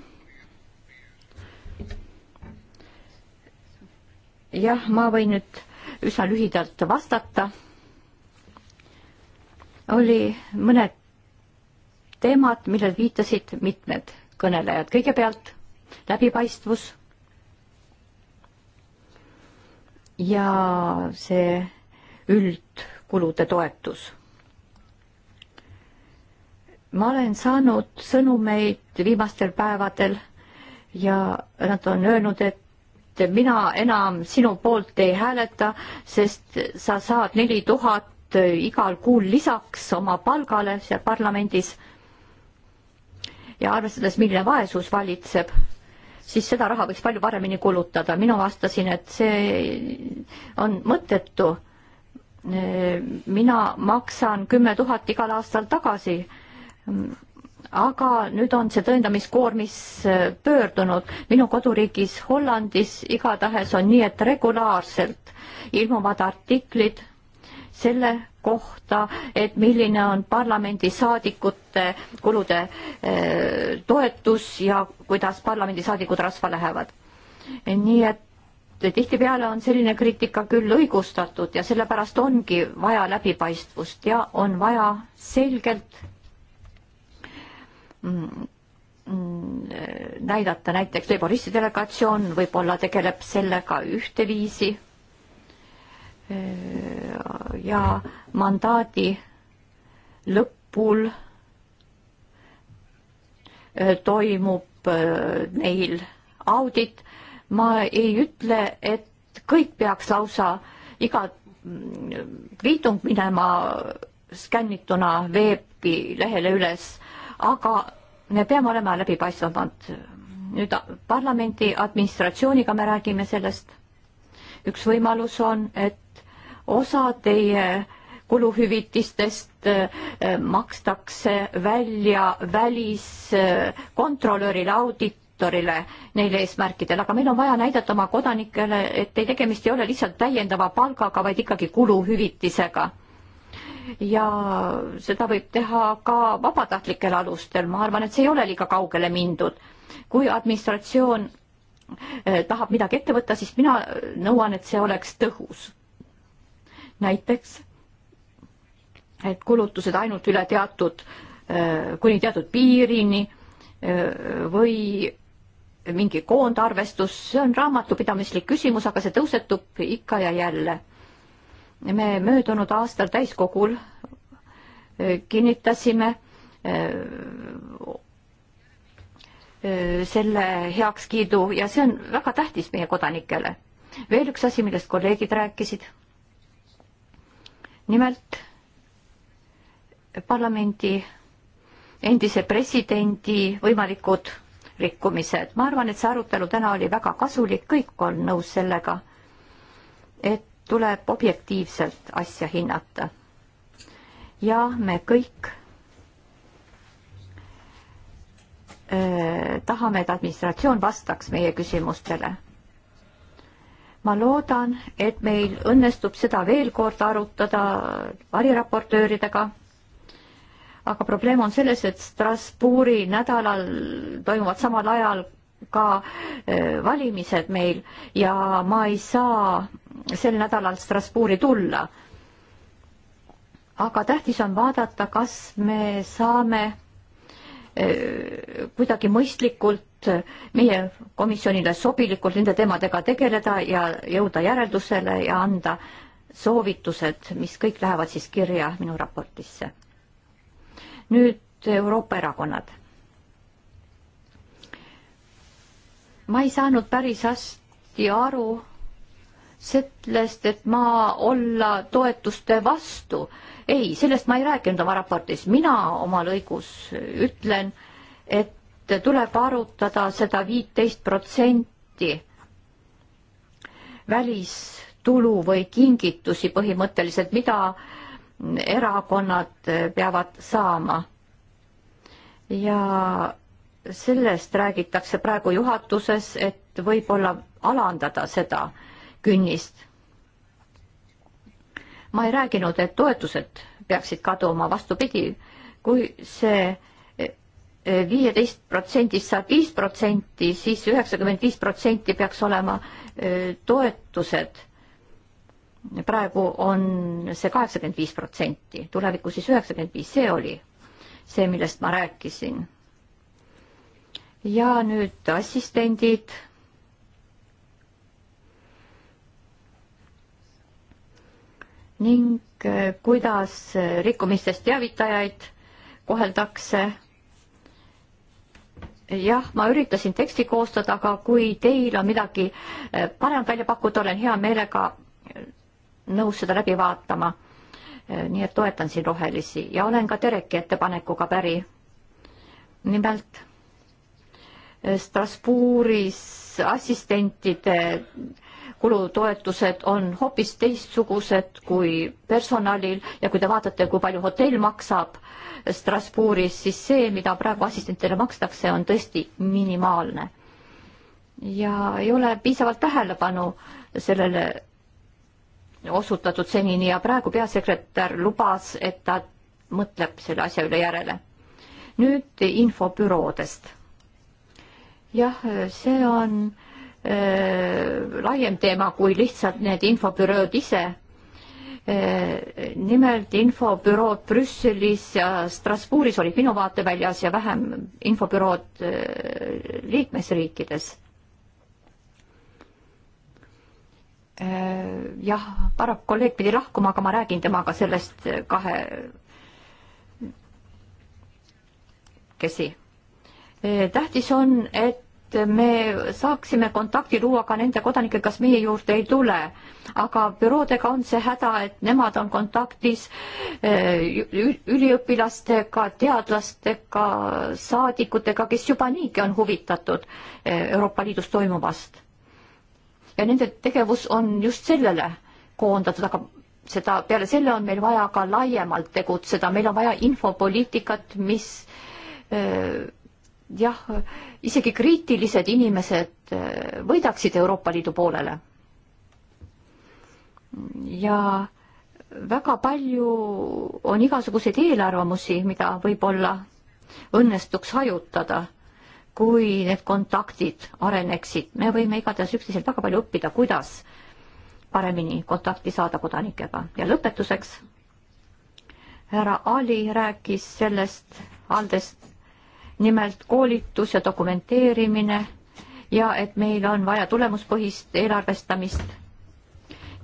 jah, ma võin nüüd üsna lühidalt vastata. oli mõned teemad, millel viitasid mitmed kõnelejad. kõigepealt läbipaistvus ja see üldkulude toetus. ma olen saanud sõnumeid viimastel päevadel ja nad on öelnud, et mina enam sinu poolt ei hääleta, sest sa saad neli tuhat igal kuul lisaks oma palgale seal parlamendis. ja arvestades, milline vaesus valitseb siis seda raha võiks palju paremini kulutada. mina vastasin, et see on mõttetu. mina maksan kümme tuhat igal aastal tagasi aga nüüd on see tõendamiskoormis pöördunud. minu koduriigis Hollandis igatahes on nii, et regulaarselt ilmuvad artiklid selle kohta, et milline on parlamendisaadikute kulude eh, toetus ja kuidas parlamendisaadikud rasva lähevad. nii et tihtipeale on selline kriitika küll õigustatud ja sellepärast ongi vaja läbipaistvust ja on vaja selgelt mm, mm, näidata näiteks Leiborissi delegatsioon võib-olla tegeleb sellega ühteviisi Äh, ja mandaadi lõpul äh, toimub äh, neil audit. ma ei ütle, et kõik peaks lausa iga liitung mm, minema skännituna veebilehele üles, aga me peame olema läbipaistvamad. nüüd parlamendi administratsiooniga me räägime sellest üks võimalus on, et osa teie kuluhüvitistest äh, makstakse välja väliskontrolörile, auditorile neil eesmärkidel, aga meil on vaja näidata oma kodanikele, et teie tegemist ei ole lihtsalt täiendava palgaga, vaid ikkagi kuluhüvitisega. ja seda võib teha ka vabatahtlikel alustel, ma arvan, et see ei ole liiga kaugele mindud. kui administratsioon Eh, tahab midagi ette võtta, siis mina nõuan, et see oleks tõhus. näiteks, et kulutused ainult üle teatud, eh, kuni teatud piirini eh, või mingi koondarvestus, see on raamatupidamislik küsimus, aga see tõusetub ikka ja jälle. me möödunud aastal täiskogul kinnitasime selle heakskiidu ja see on väga tähtis meie kodanikele. veel üks asi, millest kolleegid rääkisid. nimelt parlamendi endise presidendi võimalikud rikkumised. ma arvan, et see arutelu täna oli väga kasulik, kõik on nõus sellega, et tuleb objektiivselt asja hinnata. ja me kõik Äh, tahame, et administratsioon vastaks meie küsimustele. ma loodan, et meil õnnestub seda veel kord arutada variraportööridega, aga probleem on selles, et Strasbourgi nädalal toimuvad samal ajal ka äh, valimised meil ja ma ei saa sel nädalal Strasbourgi tulla. aga tähtis on vaadata, kas me saame Eh, kuidagi mõistlikult meie komisjonile sobilikult nende teemadega tegeleda ja jõuda järeldusele ja anda soovitused, mis kõik lähevad siis kirja minu raportisse. nüüd Euroopa erakonnad. ma ei saanud päris hästi aru sellest, et ma olla toetuste vastu. ei, sellest ma ei rääkinud oma raportis, mina oma lõigus ütlen, et tuleb arutada seda viiteist protsenti välistulu või kingitusi põhimõtteliselt, mida erakonnad peavad saama. ja sellest räägitakse praegu juhatuses, et võib-olla alandada seda künnist. ma ei rääkinud, et toetused peaksid kaduma, vastupidi, kui see e, e, viieteist protsendist saab viis protsenti, siis üheksakümmend viis protsenti peaks olema e, toetused. praegu on see kaheksakümmend viis protsenti, tulevikus siis üheksakümmend viis, see oli see, millest ma rääkisin. ja nüüd assistendid ning äh, kuidas rikkumistest teavitajaid koheldakse. jah, ma üritasin teksti koostada, aga kui teil on midagi äh, paremat välja pakkuda, olen hea meelega äh, nõus seda läbi vaatama. nii et toetan siin rohelisi ja olen ka Tereki ettepanekuga päri. nimelt Strasbourgis assistentide kulutoetused on hoopis teistsugused kui personalil ja kui te vaatate, kui palju hotell maksab Strasbourgis, siis see, mida praegu assistentidele makstakse, on tõesti minimaalne. ja ei ole piisavalt tähelepanu sellele osutatud senini ja praegu peasekretär lubas, et ta mõtleb selle asja üle järele. nüüd infobüroodest. jah, see on Äh, laiem teema kui lihtsalt need infobürood ise. Äh, nimelt infobürood Brüsselis ja Strasbourgis olid minu vaateväljas ja vähem infobürood äh, liikmesriikides. jah, paraku kolleeg pidi lahkuma, aga ma räägin temaga sellest kahe kesi. tähtis on, et me saaksime kontakti luua ka nende kodanikega, kes meie juurde ei tule. aga büroodega on see häda, et nemad on kontaktis eh, üliõpilastega, teadlastega, saadikutega, kes juba niigi on huvitatud eh, Euroopa Liidus toimuvast. ja nende tegevus on just sellele koondatud, aga seda, peale selle on meil vaja ka laiemalt tegutseda, meil on vaja infopoliitikat, mis öö, eh, jah, isegi kriitilised inimesed äh, võidaksid Euroopa Liidu poolele. ja väga palju on igasuguseid eelarvamusi, mida võib-olla õnnestuks hajutada, kui need kontaktid areneksid. me võime igatahes üksteiselt väga palju õppida, kuidas paremini kontakti saada kodanikega. ja lõpetuseks, härra Ali rääkis sellest, Aldest nimelt koolitus ja dokumenteerimine ja et meil on vaja tulemuspõhist eelarvestamist.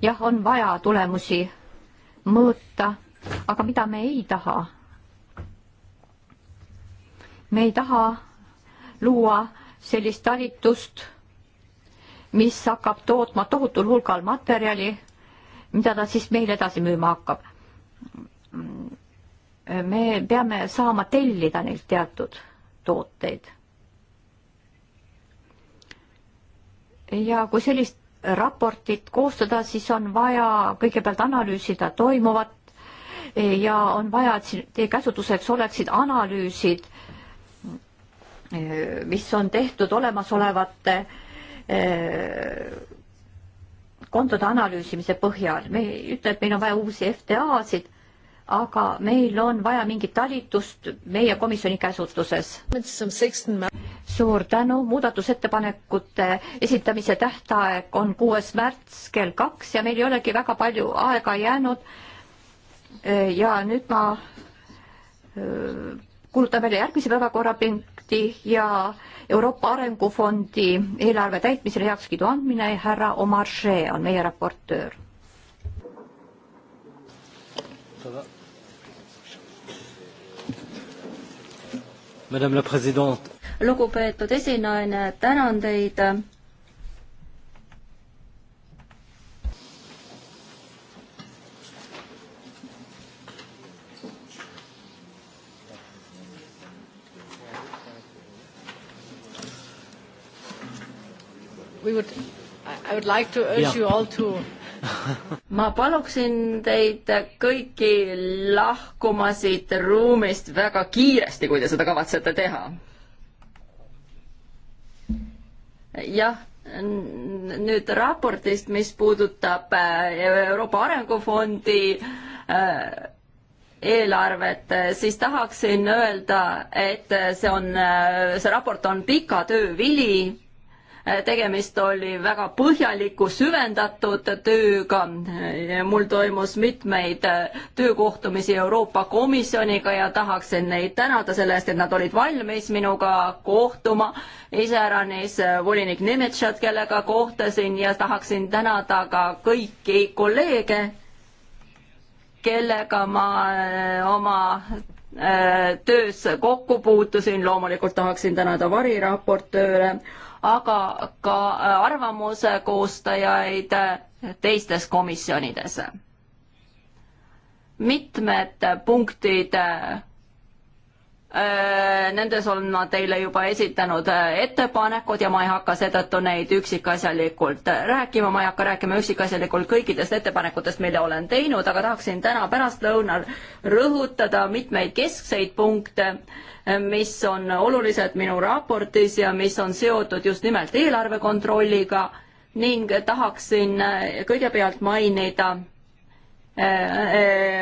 jah, on vaja tulemusi mõõta, aga mida me ei taha? me ei taha luua sellist talitust, mis hakkab tootma tohutul hulgal materjali, mida ta siis meil edasi müüma hakkab. me peame saama tellida neilt teatud tooteid. ja kui sellist raportit koostada, siis on vaja kõigepealt analüüsida toimuvat ja on vaja, et teie käsutuseks oleksid analüüsid, mis on tehtud olemasolevate eh, kontode analüüsimise põhjal. me ei ütle, et meil on vaja uusi FTA-sid, aga meil on vaja mingit talitust meie komisjoni käsutuses. suur tänu, muudatusettepanekute esitamise tähtaeg on kuues märts kell kaks ja meil ei olegi väga palju aega jäänud. ja nüüd ma äh, kuulutan välja järgmise päevakorrapunkti ja Euroopa Arengufondi eelarve täitmisele heakskiidu andmine, härra Omar Šee on meie raportöör. Tada. lugupeetud esinaine, tänan teid. We would, I would like to urge yeah. you all to ma paluksin teid kõiki lahkuma siit ruumist väga kiiresti, kui te seda kavatsete teha. jah, nüüd raportist, mis puudutab äh, Euroopa Arengufondi äh, eelarvet, siis tahaksin öelda, et see on, äh, see raport on pika töö vili tegemist oli väga põhjaliku süvendatud tööga. mul toimus mitmeid töökohtumisi Euroopa Komisjoniga ja tahaksin neid tänada selle eest, et nad olid valmis minuga kohtuma. iseäranis volinik Nemetšat, kellega kohtasin ja tahaksin tänada ka kõiki kolleege, kellega ma äh, oma äh, töös kokku puutusin, loomulikult tahaksin tänada variraportööre, aga ka äh, arvamuse koostajaid äh, teistes komisjonides. mitmed punktid äh, Nendes olen ma teile juba esitanud ettepanekud ja ma ei hakka seetõttu neid üksikasjalikult rääkima, ma ei hakka rääkima üksikasjalikult kõikidest ettepanekutest, mille olen teinud, aga tahaksin täna pärastlõunal rõhutada mitmeid keskseid punkte, mis on olulised minu raportis ja mis on seotud just nimelt eelarve kontrolliga ning tahaksin kõigepealt mainida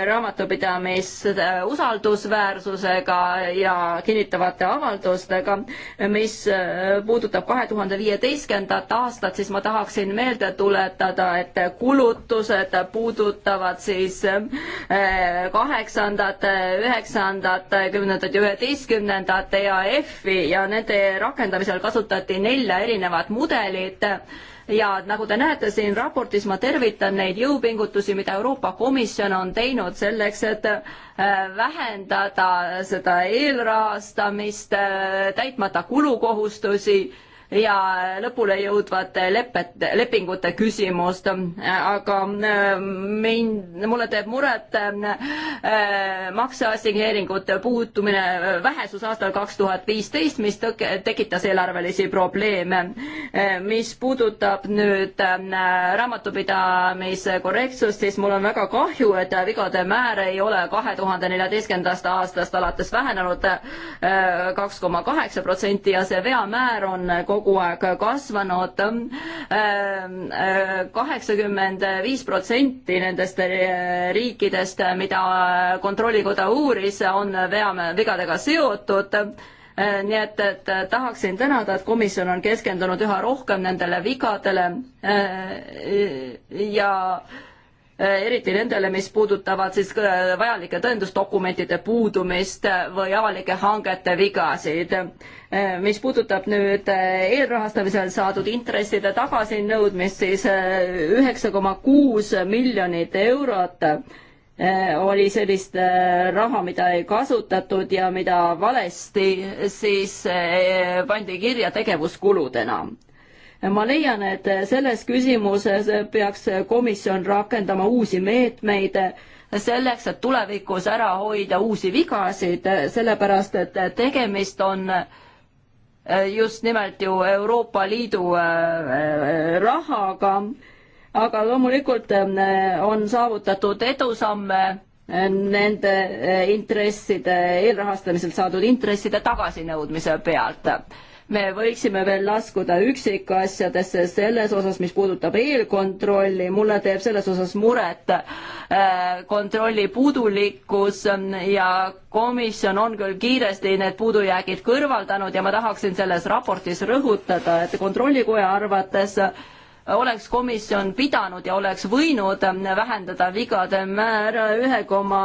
raamatupidamist usaldusväärsusega ja kinnitavate avaldustega. mis puudutab kahe tuhande viieteistkümnendat aastat, siis ma tahaksin meelde tuletada, et kulutused puudutavad siis eh, kaheksandat, üheksandat, kümnendat ja üheteistkümnendat EAF-i ja nende rakendamisel kasutati nelja erinevat mudelit ja nagu te näete siin raportis, ma tervitan neid jõupingutusi, mida Euroopa komisjon on teinud selleks, et äh, vähendada seda eelrahastamist, äh, täitmata kulukohustusi ja lõpule jõudvate lepete, lepingute küsimust, aga mind, ähm, mulle teeb muret äh, makseassigneeringute puutumine äh, vähesus aastal kaks tuhat viisteist, mis tõke, tekitas eelarvelisi probleeme. Äh, mis puudutab nüüd raamatupidamise korrektsust, siis mul on väga kahju, et vigade määr ei ole kahe tuhande neljateistkümnendast aastast alates vähenenud kaks koma kaheksa protsenti ja see veamäär on kogu kogu aeg kasvanud. Ähm, äh, kaheksakümmend viis protsenti nendest äh, riikidest, mida Kontrollikoda uuris, on veavigadega seotud äh, nii et, et tahaksin tänada, et komisjon on keskendunud üha rohkem nendele vigadele ja Äh, eriti nendele, mis puudutavad siis äh, vajalike tõendusdokumentide puudumist või avalike hangete vigasid. Äh, mis puudutab nüüd eelrahastamisel saadud intresside tagasinõudmist, siis üheksa koma kuus miljonit eurot oli sellist raha, mida ei kasutatud ja mida valesti siis pandi kirja tegevuskuludena ma leian, et selles küsimuses peaks komisjon rakendama uusi meetmeid selleks, et tulevikus ära hoida uusi vigasid, sellepärast et tegemist on just nimelt ju Euroopa Liidu äh, rahaga, aga loomulikult äh, on saavutatud edusamme nende äh, intresside, eelrahastamiselt saadud intresside tagasinõudmise pealt me võiksime veel laskuda üksikasjadesse selles osas, mis puudutab eelkontrolli, mulle teeb selles osas muret äh, kontrolli puudulikkus ja komisjon on küll kiiresti need puudujäägid kõrvaldanud ja ma tahaksin selles raportis rõhutada, et kontrollikoja arvates oleks komisjon pidanud ja oleks võinud vähendada vigade määra ühe koma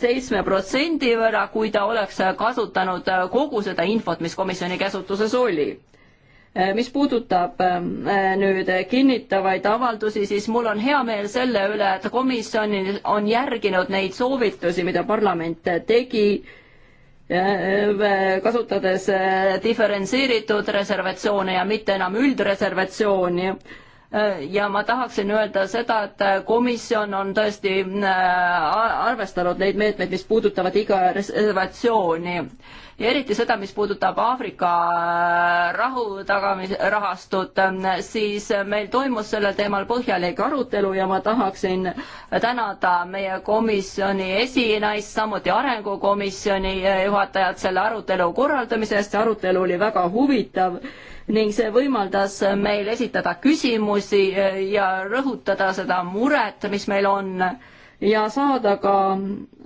seitsme protsendi võrra, kui ta oleks kasutanud kogu seda infot, mis komisjoni käsutuses oli. mis puudutab äh, nüüd kinnitavaid avaldusi, siis mul on hea meel selle üle, et komisjon on järginud neid soovitusi, mida parlament tegi Äh, äh, kasutades äh, diferentseeritud reservatsioone ja mitte enam üldreservatsiooni. ja ma tahaksin öelda seda, et komisjon on tõesti arvestanud neid meetmeid, mis puudutavad iga reservatsiooni ja eriti seda, mis puudutab Aafrika äh, rahu tagamise rahastut, ähm, siis meil toimus sellel teemal põhjalik arutelu ja ma tahaksin tänada meie komisjoni esinaist, samuti arengukomisjoni äh, juhatajat selle arutelu korraldamise eest, see arutelu oli väga huvitav ning see võimaldas meil esitada küsimusi äh, ja rõhutada seda muret, mis meil on ja saada ka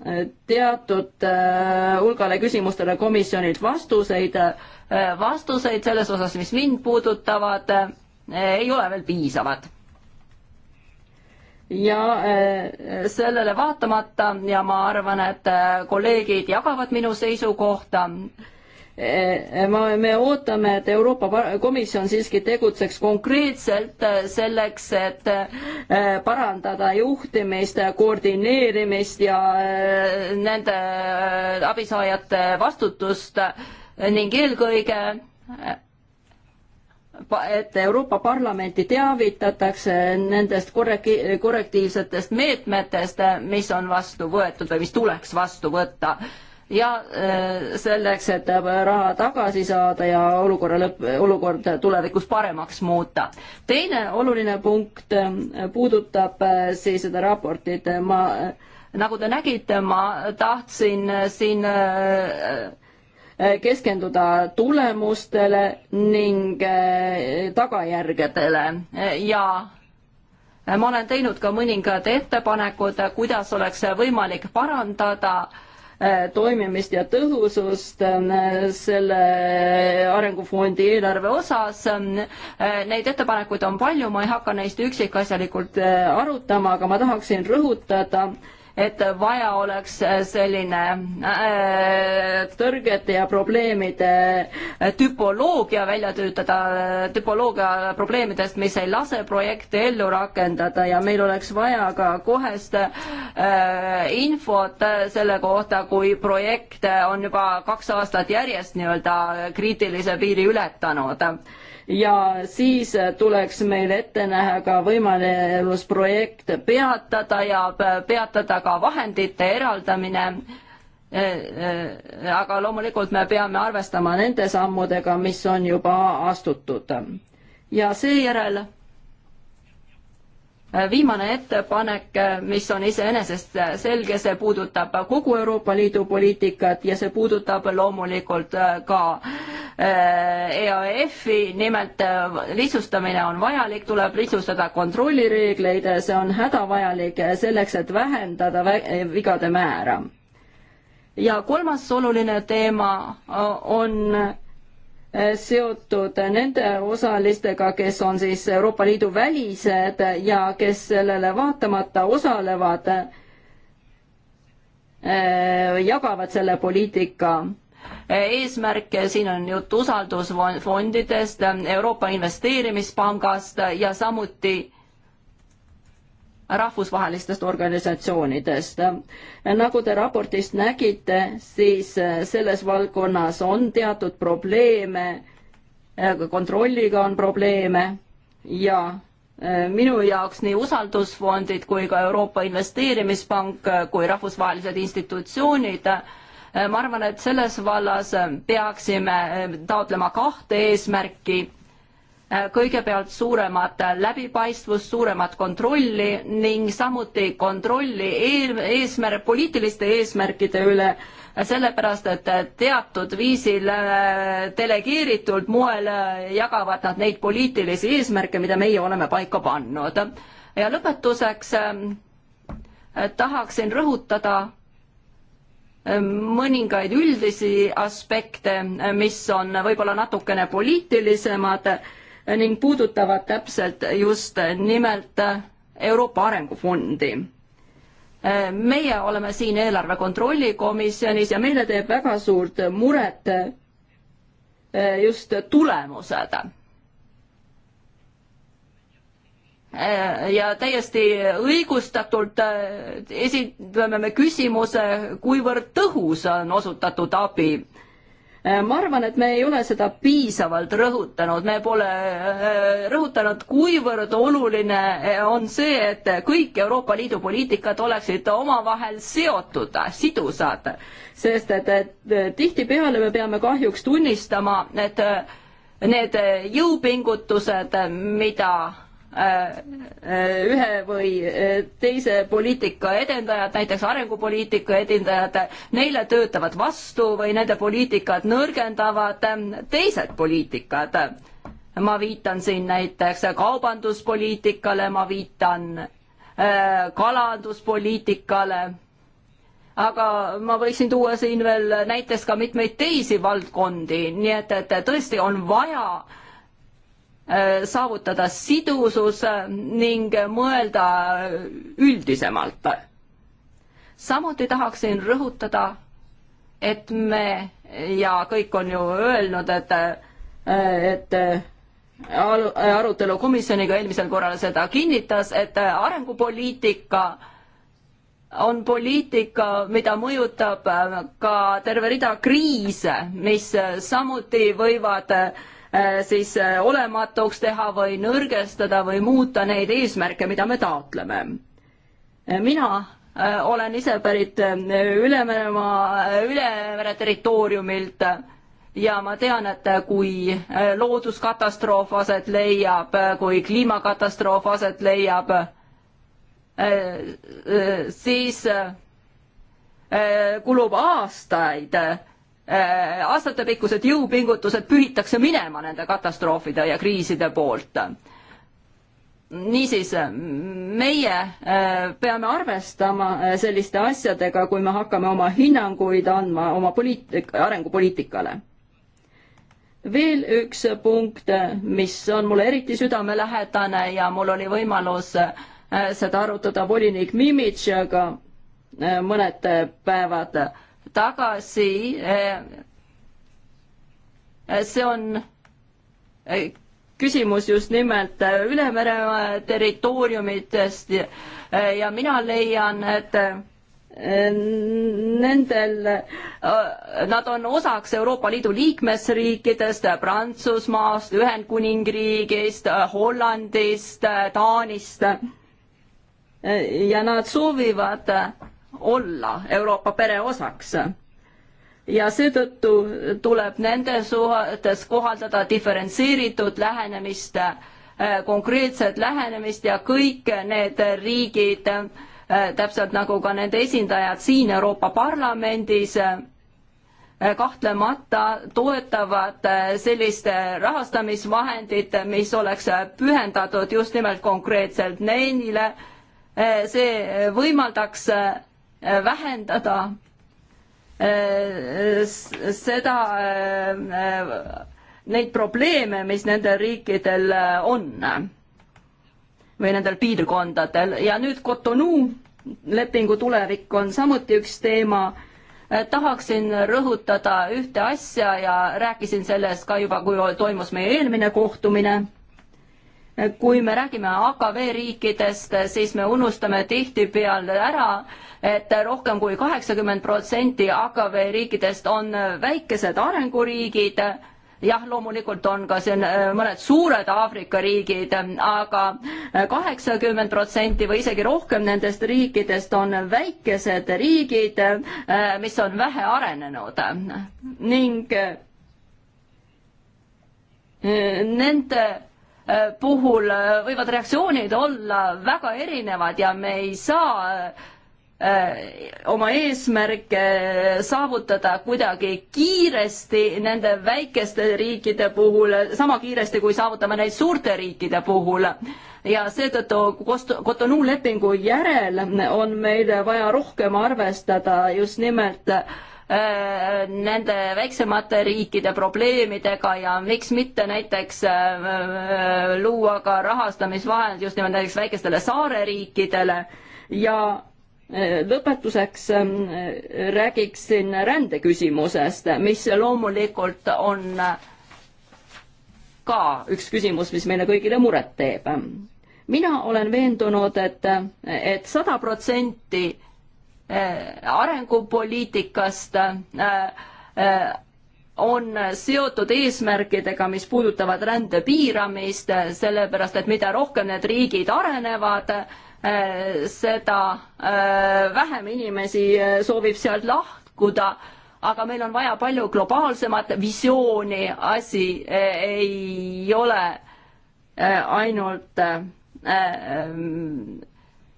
eh, teatud eh, hulgale küsimustele komisjonilt vastuseid, eh, vastuseid selles osas, mis mind puudutavad, ei ole veel piisavad ja sellele vaatamata ja ma arvan, et kolleegid jagavad minu seisukohta, Eh, ma, me ootame, et Euroopa Komisjon siiski tegutseks konkreetselt eh, selleks, et eh, parandada juhtimist, koordineerimist ja nende abisaajate vastutust ning eelkõige et Euroopa Parlamenti teavitatakse nendest korrek-, korrektiivsetest meetmetest, mis on vastu võetud või mis tuleks vastu võtta ja äh, selleks, et äh, raha tagasi saada ja olukorra lõpp, olukord tulevikus paremaks muuta. teine oluline punkt äh, puudutab siis seda raportit, ma nagu te nägite, ma tahtsin siin keskenduda tulemustele ning tagajärgedele ja ma olen teinud ka mõningad ettepanekud, kuidas oleks võimalik parandada Äh, toimimist ja tõhusust äh, selle arengufondi eelarve osas. Äh, neid ettepanekuid on palju, ma ei hakka neist üksikasjalikult arutama, aga ma tahaksin rõhutada, et vaja oleks selline äh, tõrgete ja probleemide tüpoloogia välja töötada, tüpoloogia probleemidest, mis ei lase projekte ellu rakendada ja meil oleks vaja ka kohest äh, infot selle kohta, kui projekt on juba kaks aastat järjest nii-öelda kriitilise piiri ületanud ja siis tuleks meil ette näha ka võimalus projekt peatada ja peatada ka vahendite eraldamine e, e, aga loomulikult me peame arvestama nende sammudega, mis on juba astutud. ja seejärel viimane ettepanek, mis on iseenesest selge, see puudutab kogu Euroopa Liidu poliitikat ja see puudutab loomulikult ka EAF-i, eh, e nimelt eh, lihtsustamine on vajalik, tuleb lihtsustada kontrollireegleid, see on hädavajalik selleks, et vähendada vigade määra. ja kolmas oluline teema eh, on seotud nende osalistega, kes on siis Euroopa Liidu välised ja kes sellele vaatamata osalevad, eh, jagavad selle poliitika eesmärke, siin on jutt usaldusfondidest, Euroopa Investeerimispangast ja samuti rahvusvahelistest organisatsioonidest. nagu te raportist nägite, siis selles valdkonnas on teatud probleeme, kontrolliga on probleeme ja e, minu jaoks nii usaldusfondid kui ka Euroopa Investeerimispank kui rahvusvahelised institutsioonid e, ma arvan, et selles vallas peaksime e, taotlema kahte eesmärki Äh, kõigepealt suuremat läbipaistvust, suuremat kontrolli ning samuti kontrolli eel, eesmärk, poliitiliste eesmärkide üle, äh, sellepärast et äh, teatud viisil delegeeritult moel jagavad nad neid poliitilisi eesmärke, mida meie oleme paika pannud. ja lõpetuseks tahaksin rõhutada mõningaid üldisi aspekte, mis on võib-olla natukene poliitilisemad ning puudutavad täpselt just nimelt Euroopa Arengufondi. meie oleme siin eelarve kontrolli komisjonis ja meile teeb väga suurt muret just tulemused. ja täiesti õigustatult esitame me küsimuse, kuivõrd tõhus on osutatud abi Äh, ma arvan, et me ei ole seda piisavalt rõhutanud, me pole äh, rõhutanud, kuivõrd oluline äh, on see, et kõik Euroopa Liidu poliitikad oleksid omavahel seotud, sidusad, sest et, et tihtipeale me peame kahjuks tunnistama, et need jõupingutused, mida Äh, ühe või äh, teise poliitika edendajad, näiteks arengupoliitika edendajad, neile töötavad vastu või nende poliitikad nõrgendavad ähm, teised poliitikad. ma viitan siin näiteks kaubanduspoliitikale, ma viitan äh, kalanduspoliitikale, aga ma võiksin tuua siin veel näiteks ka mitmeid teisi valdkondi, nii et, et tõesti on vaja äh, Äh, saavutada sidusus ning mõelda üldisemalt. samuti tahaksin rõhutada, et me ja kõik on ju öelnud, et, äh, et äh, arutelu komisjoniga eelmisel korral seda kinnitas, et arengupoliitika on poliitika, mida mõjutab ka terve rida kriise, mis samuti võivad äh, Äh, siis äh, olematuks teha või nõrgestada või muuta neid eesmärke, mida me taotleme. Äh, mina olen ise pärit Ülemeremaa, Ülemere territooriumilt ja ma tean, et kui looduskatastroof aset leiab, kui kliimakatastroof aset leiab, siis kulub aastaid Äh, aastatepikkused jõupingutused pühitakse minema nende katastroofide ja kriiside poolt. niisiis, meie äh, peame arvestama äh, selliste asjadega, kui me hakkame oma hinnanguid andma oma poliitik-, arengupoliitikale veel üks punkt, mis on mulle eriti südamelähedane ja mul oli võimalus seda arutada volinik Mimitšaga mõned päevad tagasi. Eh, see on eh, küsimus just nimelt eh, Ülemere territooriumitest ja mina leian, et nendel, nad on osaks Euroopa Liidu liikmesriikidest, Prantsusmaast, Ühendkuningriigist, Hollandist, Taanist. ja nad soovivad olla Euroopa pere osaks. ja seetõttu tuleb nende suhetes kohaldada diferentseeritud lähenemist, äh, konkreetset lähenemist ja kõik need riigid, äh, täpselt nagu ka nende esindajad siin Euroopa Parlamendis, äh, kahtlemata toetavad sellist rahastamisvahendit, mis oleks pühendatud just nimelt konkreetselt neile. see võimaldaks vähendada äh, seda, äh, neid probleeme, mis nendel riikidel äh, on või nendel piirkondadel ja nüüd Cotonou lepingu tulevik on samuti üks teema. tahaksin rõhutada ühte asja ja rääkisin sellest ka juba, kui toimus meie eelmine kohtumine kui me räägime AKV riikidest, siis me unustame tihtipeale ära, et rohkem kui kaheksakümmend protsenti AKV riikidest on väikesed arenguriigid, jah, loomulikult on ka siin äh, mõned suured Aafrika riigid aga, aga kaheksakümmend protsenti või isegi rohkem nendest riikidest on väikesed riigid, äh, mis on vähe arenenud ning äh, nende Äh, puhul äh, võivad reaktsioonid olla väga erinevad ja me ei saa äh, oma eesmärke saavutada kuidagi kiiresti nende väikeste riikide puhul, sama kiiresti, kui saavutame neid suurte riikide puhul. ja seetõttu Cotonou lepingu järel on meil vaja rohkem arvestada just nimelt äh, Äh, nende väiksemate riikide probleemidega ja miks mitte näiteks äh, äh, luua ka rahastamisvahend just nimelt näiteks väikestele saareriikidele ja lõpetuseks ähm, räägiksin rändeküsimusest, mis loomulikult on ka üks küsimus, mis meile kõigile muret teeb. mina olen veendunud et et, et sada protsenti Äh, arengupoliitikast äh, äh, on seotud eesmärkidega, mis puudutavad rände piiramist, sellepärast et mida rohkem need riigid arenevad, seda vähem inimesi soovib sealt lahkuda, aga meil on vaja palju globaalsemat visiooni, asi ei ole ainult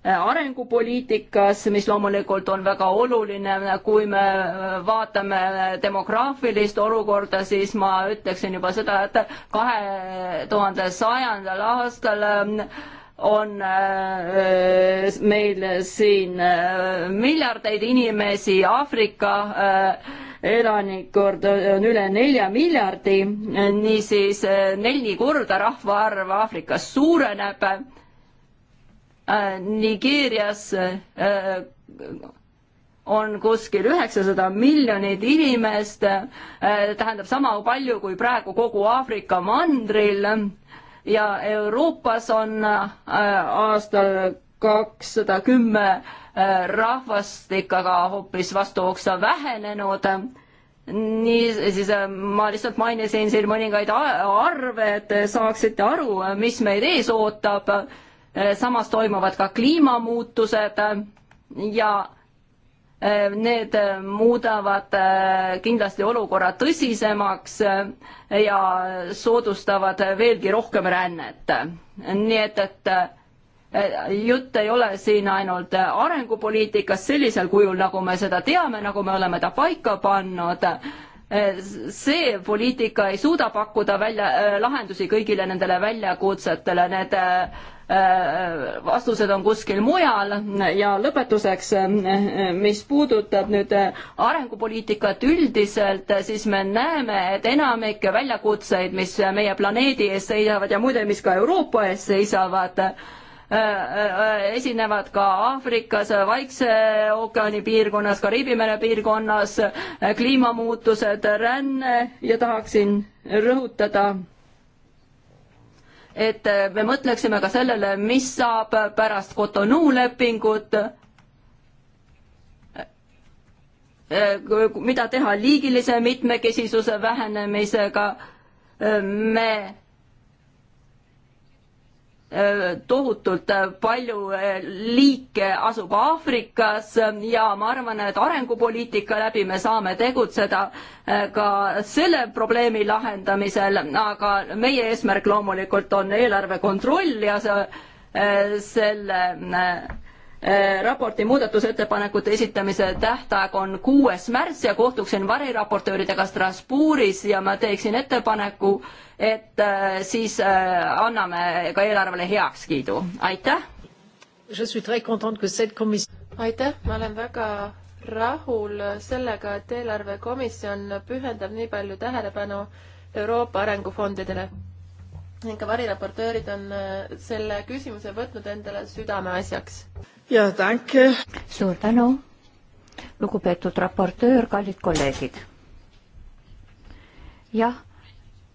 Äh, arengupoliitikas, mis loomulikult on väga oluline, kui me äh, vaatame äh, demograafilist olukorda, siis ma ütleksin juba seda, et kahe tuhande sajandal aastal ähm, on meil siin miljardeid inimesi, Aafrika elanikkond on üle nelja miljardi, niisiis neli korda rahvaarv Aafrikas suureneb Äh, Nigeerias äh, on kuskil üheksasada miljonit inimest, äh, tähendab sama palju kui praegu kogu Aafrika mandril ja Euroopas on aastal kakssada kümme rahvastik aga hoopis vastuhooksa vähenenud nii, siis ma lihtsalt mainisin siin mõningaid arve, et saaksite aru, mis meid ees ootab Äh, samas toimuvad ka kliimamuutused ja äh, need äh, muudavad kindlasti olukorra tõsisemaks ja soodustavad veelgi rohkem rännet. nii et, et jutt ei ole siin ainult arengupoliitikast sellisel kujul, nagu me seda teame, nagu me oleme ta paika pannud, see poliitika ei suuda pakkuda välja, lahendusi kõigile nendele väljakutsetele, need äh, Äh, vastused on kuskil mujal ja lõpetuseks, äh, mis puudutab nüüd äh, arengupoliitikat üldiselt, siis me näeme, et enamik väljakutseid, mis meie planeedi ees seisavad ja muide, mis ka Euroopa ees seisavad, esinevad ka Aafrikas, Vaikse ookeani piirkonnas, Kariibi mere piirkonnas, kliimamuutused, ränne ja tahaksin rõhutada et me mõtleksime ka sellele, mis saab pärast Cotonou lepingut, mida teha liigilise mitmekesisuse vähenemisega, me tohutult palju liike asub Aafrikas ja ma arvan, et arengupoliitika läbi me saame tegutseda eh, ka selle probleemi lahendamisel, aga meie eesmärk loomulikult on eelarve kontroll ja see, eh, selle eh, Äh, raporti muudatusettepanekute esitamise tähtaeg on kuues märts ja kohtuksin variraportööridega Strasbourgis ja ma teeksin ettepaneku, et äh, siis äh, anname ka eelarvele heakskiidu, aitäh. aitäh, ma olen väga rahul sellega, et eelarvekomisjon pühendab nii palju tähelepanu Euroopa arengufondidele ka variraportöörid on äh, selle küsimuse võtnud endale südameasjaks. ja tänke. suur tänu, lugupeetud raportöör, kallid kolleegid. jah,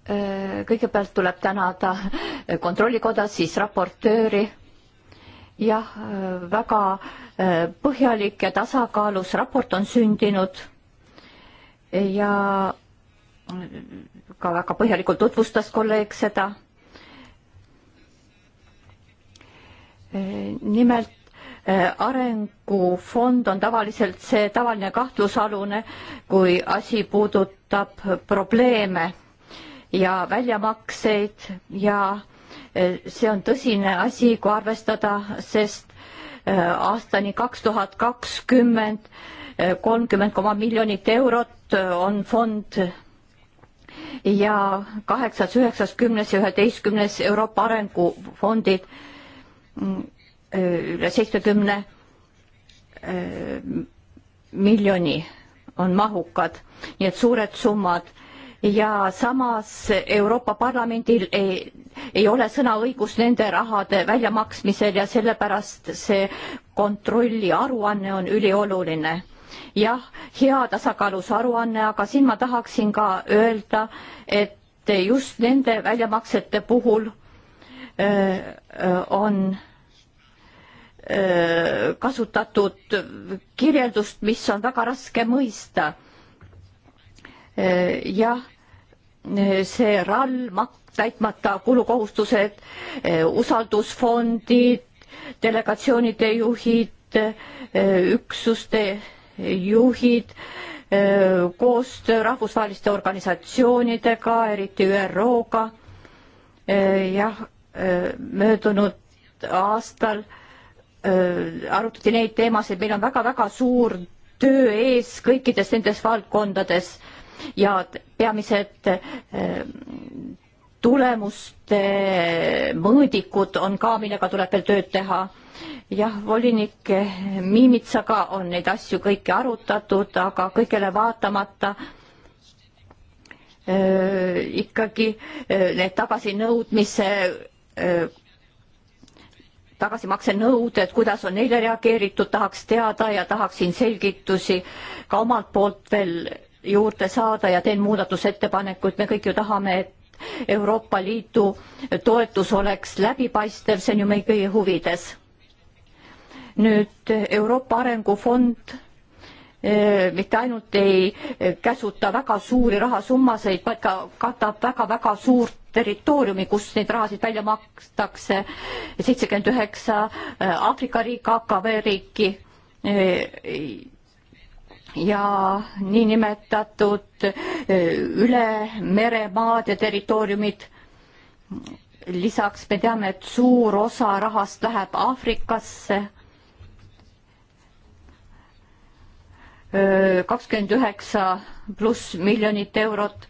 äh, kõigepealt tuleb tänada kontrollikoda, siis raportööri jah, äh, väga põhjalik ja tasakaalus raport on sündinud ja ka väga põhjalikult tutvustas kolleeg seda nimelt äh, arengufond on tavaliselt see tavaline kahtlusalune, kui asi puudutab probleeme ja väljamakseid ja äh, see on tõsine asi, kui arvestada, sest äh, aastani kaks tuhat kakskümmend kolmkümmend koma miljonit eurot on fond ja kaheksas, üheksas, kümnes ja üheteistkümnes Euroopa Arengufondid üle mm, äh, seitsmekümne äh, miljoni on mahukad, nii et suured summad ja samas Euroopa Parlamendil ei, ei ole sõnaõigust nende rahade väljamaksmisel ja sellepärast see kontrolli aruanne on ülioluline. jah, hea tasakaalus aruanne, aga siin ma tahaksin ka öelda, et just nende väljamaksete puhul Äh, äh, on äh, kasutatud kirjeldust, mis on väga raske mõista. jah, see RAL, täitmata kulukohustused, usaldusfondid, delegatsioonide juhid, üksuste juhid, koostöö rahvusvaheliste organisatsioonidega, eriti ÜRO-ga, jah Äh, möödunud aastal äh, arutati neid teemasid, meil on väga-väga suur töö ees kõikides nendes valdkondades ja peamised äh, tulemuste mõõdikud on ka, millega tuleb veel tööd teha. jah, volinik Miimitsaga on neid asju kõiki arutatud, aga kõigele vaatamata öö, ikkagi öö, need tagasinõudmise tagasimaksenõuded, kuidas on neile reageeritud, tahaks teada ja tahaksin selgitusi ka omalt poolt veel juurde saada ja teen muudatusettepanekuid, me kõik ju tahame, et Euroopa Liidu toetus oleks läbipaistev, see on ju meie kõigi huvides. nüüd Euroopa Arengufond Äh, mitte ainult ei käsuta väga suuri rahasummasid, vaid ka katab väga-väga suurt territooriumi, kus neid rahasid välja makstakse. seitsekümmend üheksa äh, Aafrika riik, AKV riiki äh, ja niinimetatud üle meremaade territooriumid. lisaks me teame, et suur osa rahast läheb Aafrikasse kakskümmend üheksa pluss miljonit eurot.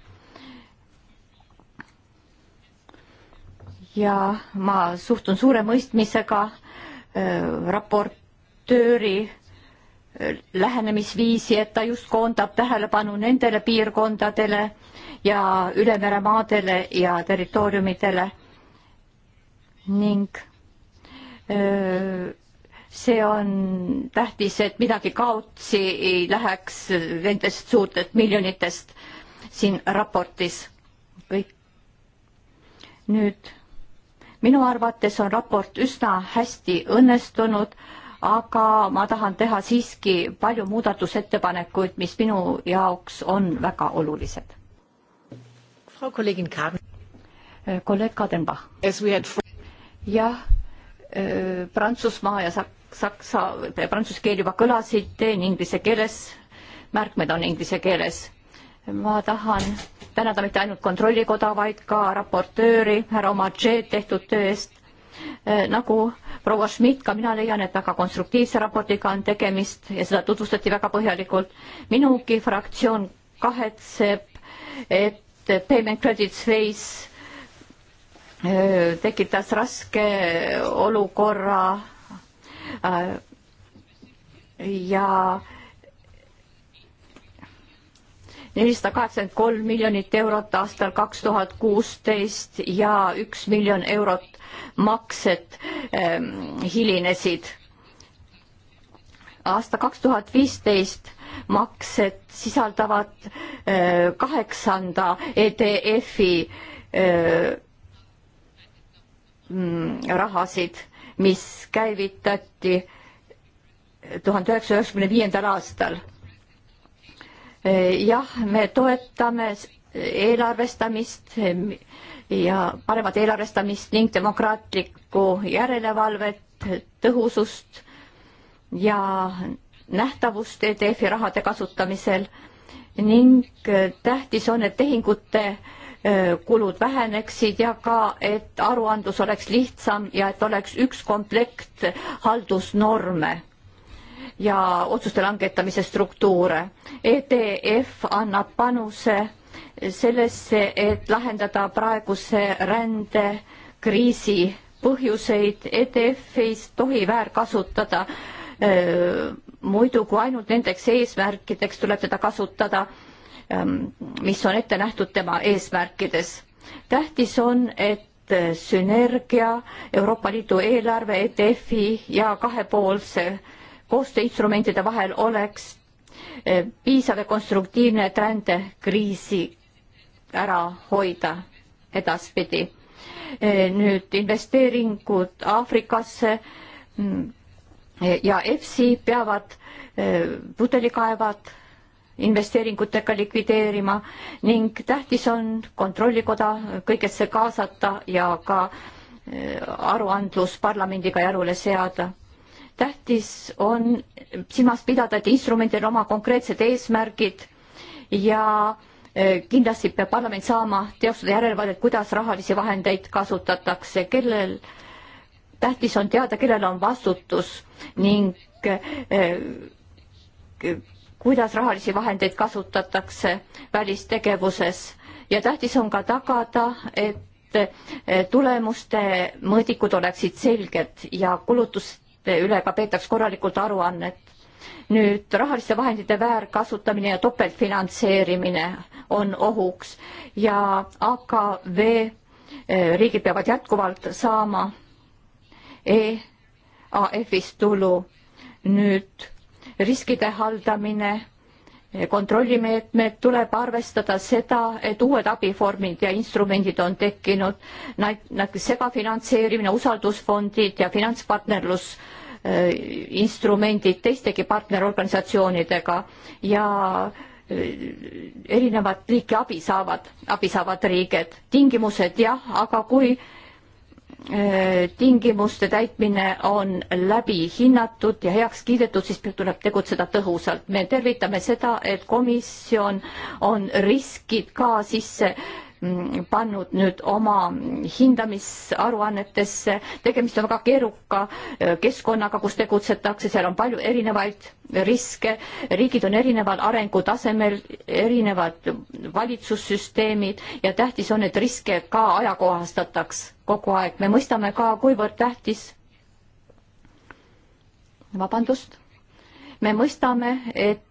ja ma suhtun suure mõistmisega äh, raportööri äh, lähenemisviisi, et ta just koondab tähelepanu nendele piirkondadele ja ülemeremaadele ja territooriumidele ning öö, äh, see on tähtis, et midagi kaotsi ei läheks nendest suurtest miljonitest siin raportis. kõik. nüüd minu arvates on raport üsna hästi õnnestunud, aga ma tahan teha siiski palju muudatusettepanekuid, mis minu jaoks on väga olulised. kolleeg Kadenbach. jah, äh, Prantsusmaa ja Saksa saksa, prantsuse keel juba kõlasid, teen inglise keeles, märkmed on inglise keeles. ma tahan tänada mitte ainult Kontrollikoda, vaid ka raportööri härra Omadžeed tehtud töö eest. Äh, nagu proua Schmidt, ka mina leian, et väga konstruktiivse raportiga on tegemist ja seda tutvustati väga põhjalikult. minugi fraktsioon kahetseb, et Payment Credit Space äh, tekitas raske olukorra Äh, ja nelisada kaheksakümmend kolm miljonit eurot aastal kaks tuhat kuusteist ja üks miljon eurot maksed ähm, hilinesid. aasta kaks tuhat viisteist maksed sisaldavad äh, kaheksanda EDF-i äh, mm, rahasid mis käivitati tuhande üheksasaja üheksakümne viiendal aastal. jah, me toetame eelarvestamist ja paremat eelarvestamist ning demokraatlikku järelevalvet, tõhusust ja nähtavust EDF-i rahade kasutamisel ning tähtis on, et tehingute äh, kulud väheneksid ja ka, et aruandlus oleks lihtsam ja et oleks üks komplekt haldusnorme ja otsuste langetamise struktuure. EDF annab panuse sellesse, et lahendada praeguse rändekriisi põhjuseid. EDF ei tohi väärkasutada. muidu kui ainult nendeks eesmärkideks tuleb teda kasutada Ähm, mis on ette nähtud tema eesmärkides. tähtis on, et äh, sünergia Euroopa Liidu eelarve, ETF-i ja kahepoolse koostööinstrumentide vahel oleks äh, piisav ja konstruktiivne, et rändekriisi ära hoida edaspidi. Äh, nüüd investeeringud Aafrikasse mm, ja EFSI peavad pudelikaevad investeeringutega likvideerima ning tähtis on Kontrollikoda kõigesse kaasata ja ka äh, aruandlus parlamendiga järule seada. tähtis on silmas pidada, et instrumendil oma konkreetsed eesmärgid ja äh, kindlasti peab parlament saama teostada järelevalvet, kuidas rahalisi vahendeid kasutatakse, kellel, tähtis on teada, kellel on vastutus ning äh, kuidas rahalisi vahendeid kasutatakse välistegevuses ja tähtis on ka tagada, et tulemuste mõõdikud oleksid selged ja kulutuste üle ka peetaks korralikult aruannet. nüüd rahaliste vahendite väärkasutamine ja topeltfinantseerimine on ohuks ja AKV eh, riigid peavad jätkuvalt saama EAF-ist tulu nüüd riskide haldamine, kontrollimeetmed, tuleb arvestada seda, et uued abivormid ja instrumendid on tekkinud, näiteks segafinantseerimine, usaldusfondid ja finantspartnerlus äh, instrumendid teistegi partnerorganisatsioonidega ja äh, erinevat liiki abi saavad, abi saavad riiged. tingimused jah, aga kui Äh, tingimuste täitmine on läbi hinnatud ja heaks kiidetud, siis tuleb tegutseda tõhusalt. me tervitame seda, et komisjon on riskid ka sisse Mm, pannud nüüd oma hindamisaruannetesse. tegemist on väga keeruka äh, keskkonnaga, kus tegutsetakse, seal on palju erinevaid riske, riigid on erineval arengutasemel, erinevad valitsussüsteemid ja tähtis on, et riske ka ajakohastataks kogu aeg. me mõistame ka, kuivõrd tähtis vabandust, me mõistame, et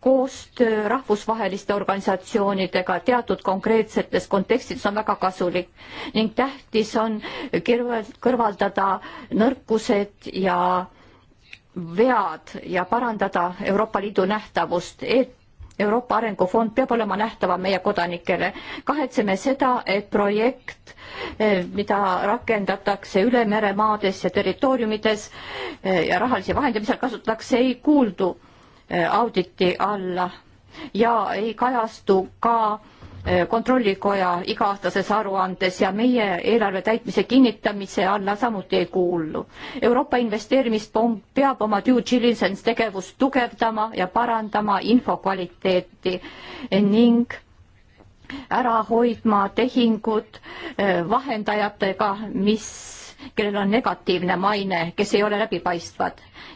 koostöö rahvusvaheliste organisatsioonidega teatud konkreetsetes kontekstides on väga kasulik ning tähtis on kõrvaldada nõrkused ja vead ja parandada Euroopa Liidu nähtavust e. Euroopa Arengufond peab olema nähtavam meie kodanikele. kahetseme seda, et projekt, eh, mida rakendatakse üle meremaades ja territooriumides eh, ja rahalisi vahendeid, mis seal kasutatakse, ei kuuldu Eh, auditi alla ja ei kajastu ka eh, kontrollikoja iga-aastases aruandes ja meie eelarve täitmise kinnitamise alla samuti ei kuulu. Euroopa Investeerimispank peab oma due diligence tegevust tugevdama ja parandama info kvaliteeti ning ära hoidma tehingud eh, vahendajatega, mis kellel on negatiivne maine, kes ei ole läbipaistvad.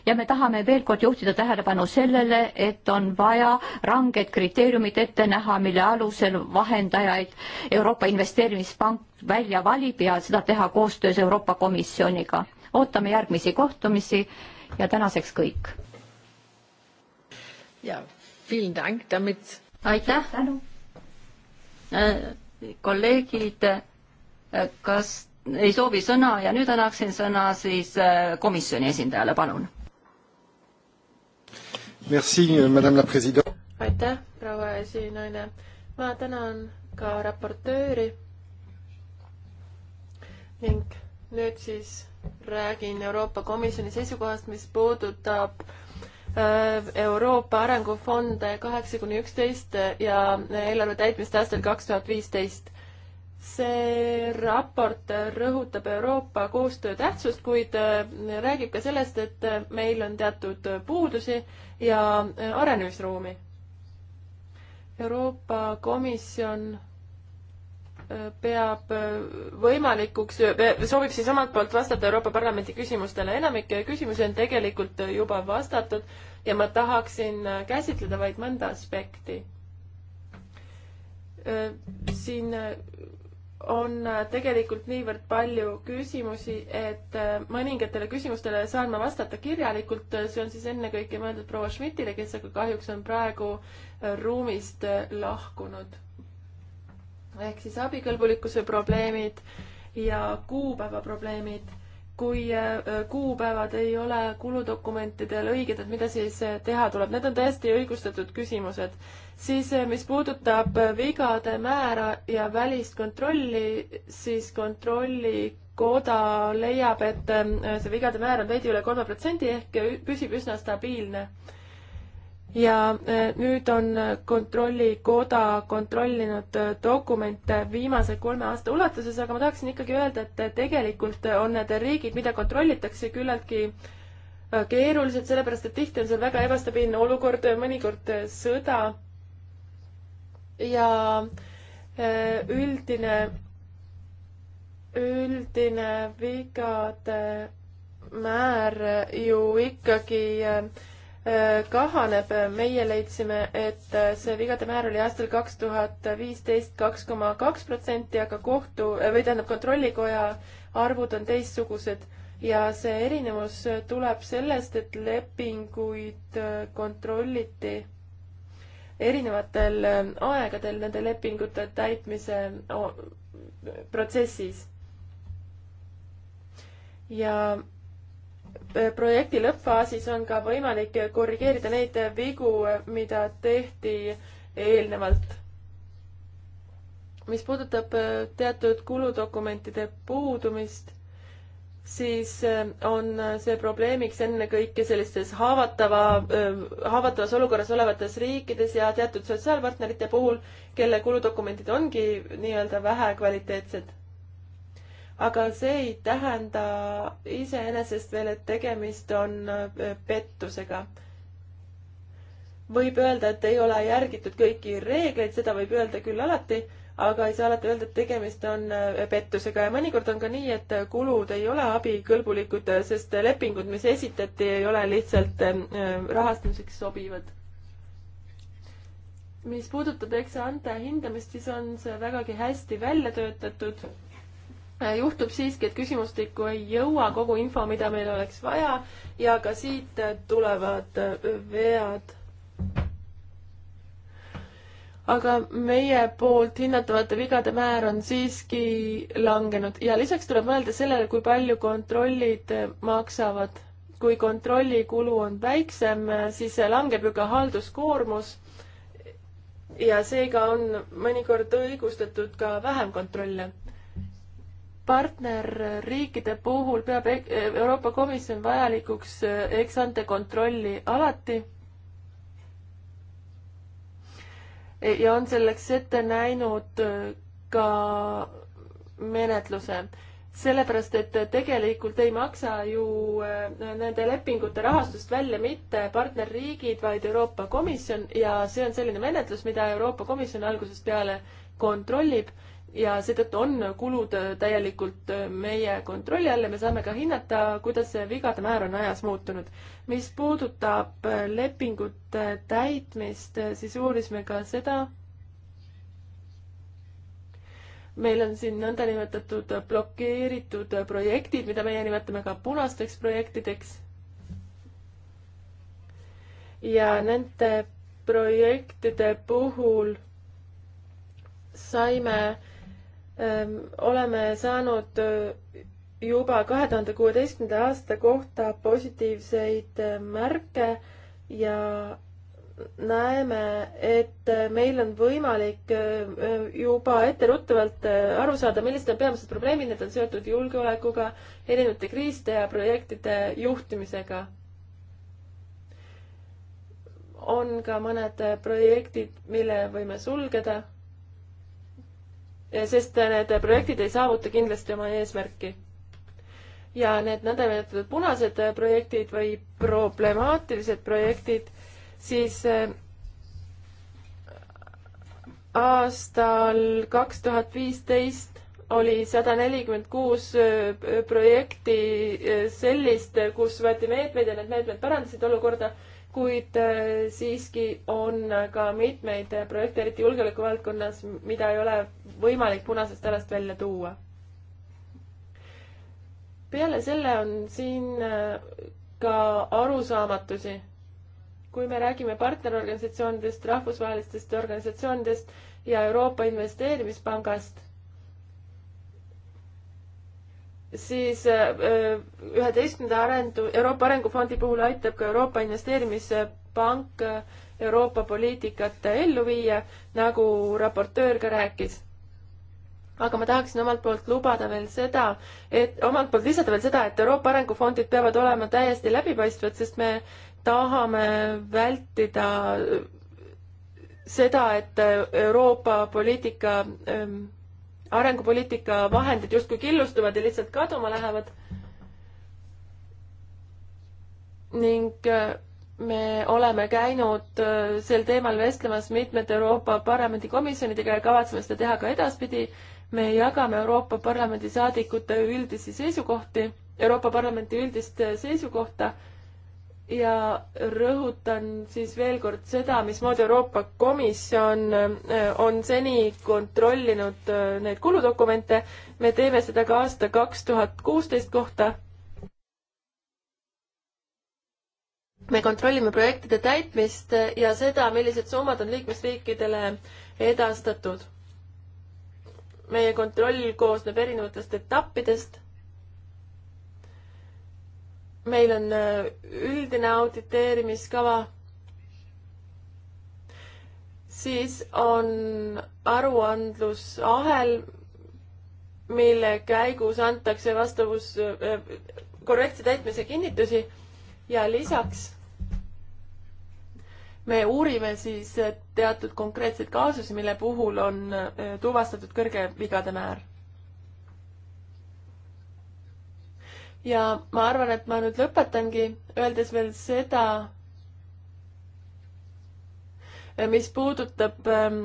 ja me tahame veel kord juhtida tähelepanu sellele, et on vaja ranged kriteeriumid ette näha, mille alusel vahendajaid Euroopa Investeerimispank välja valib ja seda teha koostöös Euroopa Komisjoniga. ootame järgmisi kohtumisi ja tänaseks kõik. ja, damit... aitäh. Äh, kolleegid, äh, kas ei soovi sõna ja nüüd annaksin sõna siis äh, komisjoni esindajale, palun. aitäh, proua esinaine. ma tänan ka raportööri ning nüüd siis räägin Euroopa Komisjoni seisukohast, mis puudutab äh, Euroopa arengufonde kaheksa kuni üksteist ja eelarve täitmist aastal kaks tuhat viisteist see raport rõhutab Euroopa koostöö tähtsust, kuid äh, räägib ka sellest, et äh, meil on teatud puudusi ja äh, arenemisruumi. Euroopa Komisjon peab võimalikuks, soovib siis omalt poolt vastata Euroopa Parlamendi küsimustele. enamik küsimusi on tegelikult juba vastatud ja ma tahaksin käsitleda vaid mõnda aspekti. siin on äh, tegelikult niivõrd palju küsimusi, et äh, mõningatele küsimustele saan ma vastata kirjalikult, see on siis ennekõike mõeldud proua Schmidtile, kes aga kahjuks on praegu äh, ruumist lahkunud. ehk siis abikõlbulikkuse probleemid ja kuupäeva probleemid kui äh, kuupäevad ei ole kuludokumentidel õiged, et mida siis äh, teha tuleb, need on täiesti õigustatud küsimused. siis, äh, mis puudutab vigade määra ja välist kontrolli, siis kontrollikoda leiab, et see vigade määr on veidi üle kolme protsendi ehk püsib üsna stabiilne ja e, nüüd on Kontrollikoda kontrollinud e, dokumente viimase kolme aasta ulatuses, aga ma tahaksin ikkagi öelda, et e, tegelikult on need riigid, mida kontrollitakse, küllaltki keerulised, sellepärast et tihti on seal väga ebastabiilne olukord, mõnikord sõda ja üldine, üldine vigade määr ju ikkagi äh, kahaneb. meie leidsime, et see vigade määr oli aastal kaks tuhat viisteist kaks koma kaks protsenti, aga kohtu või tähendab, kontrollikoja arvud on teistsugused ja see erinevus tuleb sellest, et lepinguid kontrolliti erinevatel aegadel nende lepingute täitmise protsessis. ja projekti lõppfaasis on ka võimalik korrigeerida neid vigu, mida tehti eelnevalt. mis puudutab äh, teatud kuludokumentide puudumist, siis äh, on äh, see probleemiks ennekõike sellistes haavatava, haavatavas olukorras olevates riikides ja teatud sotsiaalpartnerite puhul, kelle kuludokumendid ongi nii-öelda vähekvaliteetsed aga see ei tähenda iseenesest veel, et tegemist on äh, pettusega. võib öelda, et ei ole järgitud kõiki reegleid, seda võib öelda küll alati, aga ei saa alati öelda, et tegemist on äh, pettusega ja mõnikord on ka nii, et äh, kulud ei ole abikõlbulikud, sest lepingud, mis esitati, ei ole lihtsalt rahastamiseks sobivad. mis puudutab eksante hindamist, siis on see vägagi hästi välja töötatud Äh, juhtub siiski, et küsimustikku ei jõua kogu info, mida meil oleks vaja ja ka siit äh, tulevad äh, vead. aga meie poolt hinnatavate vigade määr on siiski langenud ja lisaks tuleb mõelda sellele, kui palju kontrollid maksavad. kui kontrolli kulu on väiksem, siis langeb ju ka halduskoormus ja seega on mõnikord õigustatud ka vähem kontrolle partnerriikide puhul peab e- Euroopa Komisjon vajalikuks e, eksante kontrolli alati e, ja on selleks ette näinud ka menetluse. sellepärast, et tegelikult ei maksa ju nende lepingute rahastust välja mitte partnerriigid, vaid Euroopa Komisjon ja see on selline menetlus, mida Euroopa Komisjon algusest peale kontrollib ja seetõttu on kulud täielikult meie kontrolli all ja me saame ka hinnata, kuidas see vigade määr on ajas muutunud. mis puudutab lepingute täitmist, siis uurisime ka seda, meil on siin nõndanimetatud blokeeritud projektid, mida meie nimetame ka punasteks projektideks. ja nende projektide puhul saime oleme saanud juba kahe tuhande kuueteistkümnenda aasta kohta positiivseid märke ja näeme, et meil on võimalik juba etteruttavalt aru saada, millised on peamised probleemid, need on seotud julgeolekuga, erinevate kriiside ja projektide juhtimisega. on ka mõned projektid, mille võime sulgeda sest need projektid ei saavuta kindlasti oma eesmärki. ja need nõndanimetatud punased projektid või problemaatilised projektid, siis eh, aastal kaks tuhat viisteist oli sada nelikümmend kuus eh, projekti eh, sellist, kus võeti meetmeid ja need meetmed parandasid olukorda, kuid siiski on ka mitmeid projekte, eriti julgeoleku valdkonnas, mida ei ole võimalik punasest alast välja tuua. peale selle on siin äh, ka arusaamatusi. kui me räägime partnerorganisatsioonidest, rahvusvahelistest organisatsioonidest ja Euroopa Investeerimispangast, siis äh, üheteistkümnenda arendu, Euroopa Arengufondi puhul aitab ka Euroopa Investeerimispank äh, Euroopa poliitikat ellu viia, nagu raportöör ka rääkis aga ma tahaksin omalt poolt lubada veel seda, et omalt poolt lisada veel seda, et Euroopa arengufondid peavad olema täiesti läbipaistvad, sest me tahame vältida äh, seda, et äh, Euroopa poliitika, ähm, arengupoliitika vahendid justkui killustuvad ja lihtsalt kaduma lähevad. ning äh, me oleme käinud sel teemal vestlemas mitmete Euroopa Parlamendi komisjonidega ja kavatseme seda teha ka edaspidi me jagame Euroopa Parlamendi saadikute üldisi seisukohti, Euroopa Parlamenti üldist seisukohta ja rõhutan siis veel kord seda, mismoodi Euroopa Komisjon äh, on seni kontrollinud äh, neid kuludokumente. me teeme seda ka aasta kaks tuhat kuusteist kohta. me kontrollime projektide täitmist ja seda, millised summad on liikmesriikidele edastatud meie kontroll koosneb erinevatest etappidest. meil on äh, üldine auditeerimiskava. siis on aruandlusahel, mille käigus antakse vastavus äh, äh, korrektse täitmise kinnitusi ja lisaks me uurime siis teatud konkreetseid kaasusi, mille puhul on äh, tuvastatud kõrge vigade määr. ja ma arvan, et ma nüüd lõpetangi, öeldes veel seda, äh, mis puudutab ähm,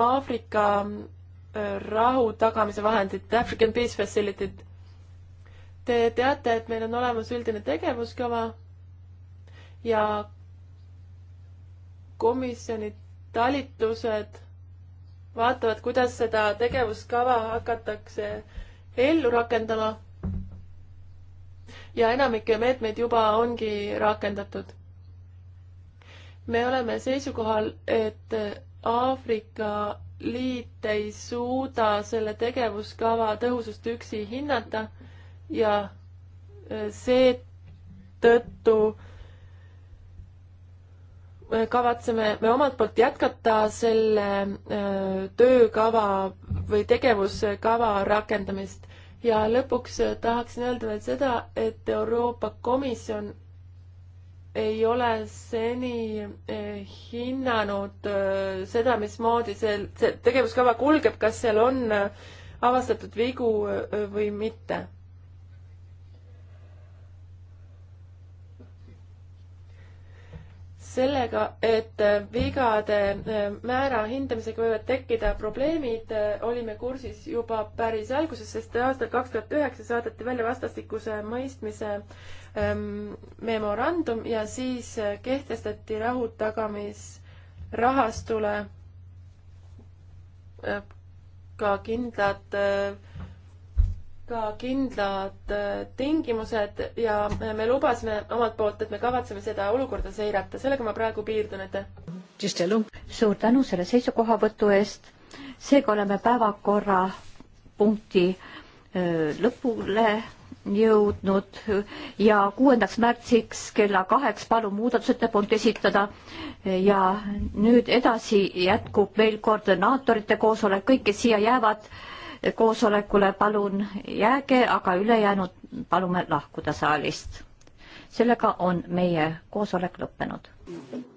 Aafrika äh, rahu tagamise vahendit, African Peace Facility't. Te teate, et meil on olemas üldine tegevuskava ja komisjoni talitused vaatavad, kuidas seda tegevuskava hakatakse ellu rakendama. ja enamikke meetmeid juba ongi rakendatud. me oleme seisukohal, et Aafrika Liit ei suuda selle tegevuskava tõhusust üksi hinnata ja eh, seetõttu kavatseme me omalt poolt jätkata selle äh, töökava või tegevuskava rakendamist. ja lõpuks äh, tahaksin öelda veel seda, et Euroopa Komisjon ei ole seni äh, hinnanud seda, mismoodi see, see tegevuskava kulgeb, kas seal on avastatud vigu või mitte sellega, et äh, vigade äh, määra hindamisega võivad tekkida probleemid, äh, olime kursis juba päris alguses, sest aastal kaks tuhat üheksa saadeti välja vastastikuse mõistmise ähm, memorandum ja siis kehtestati rahutagamisrahastule ka kindlad äh, ka kindlad äh, tingimused ja me lubasime omalt poolt, et me kavatseme seda olukorda seirata, sellega ma praegu piirdun, aitäh. suur tänu selle seisukohavõtu eest. seega oleme päevakorrapunkti äh, lõpule jõudnud ja kuuendaks märtsiks kella kaheks palun muudatusettepanekut esitada. ja nüüd edasi jätkub meil koordinaatorite koosolek, kõik, kes siia jäävad koosolekule, palun jääge, aga ülejäänud palume lahkuda saalist. sellega on meie koosolek lõppenud.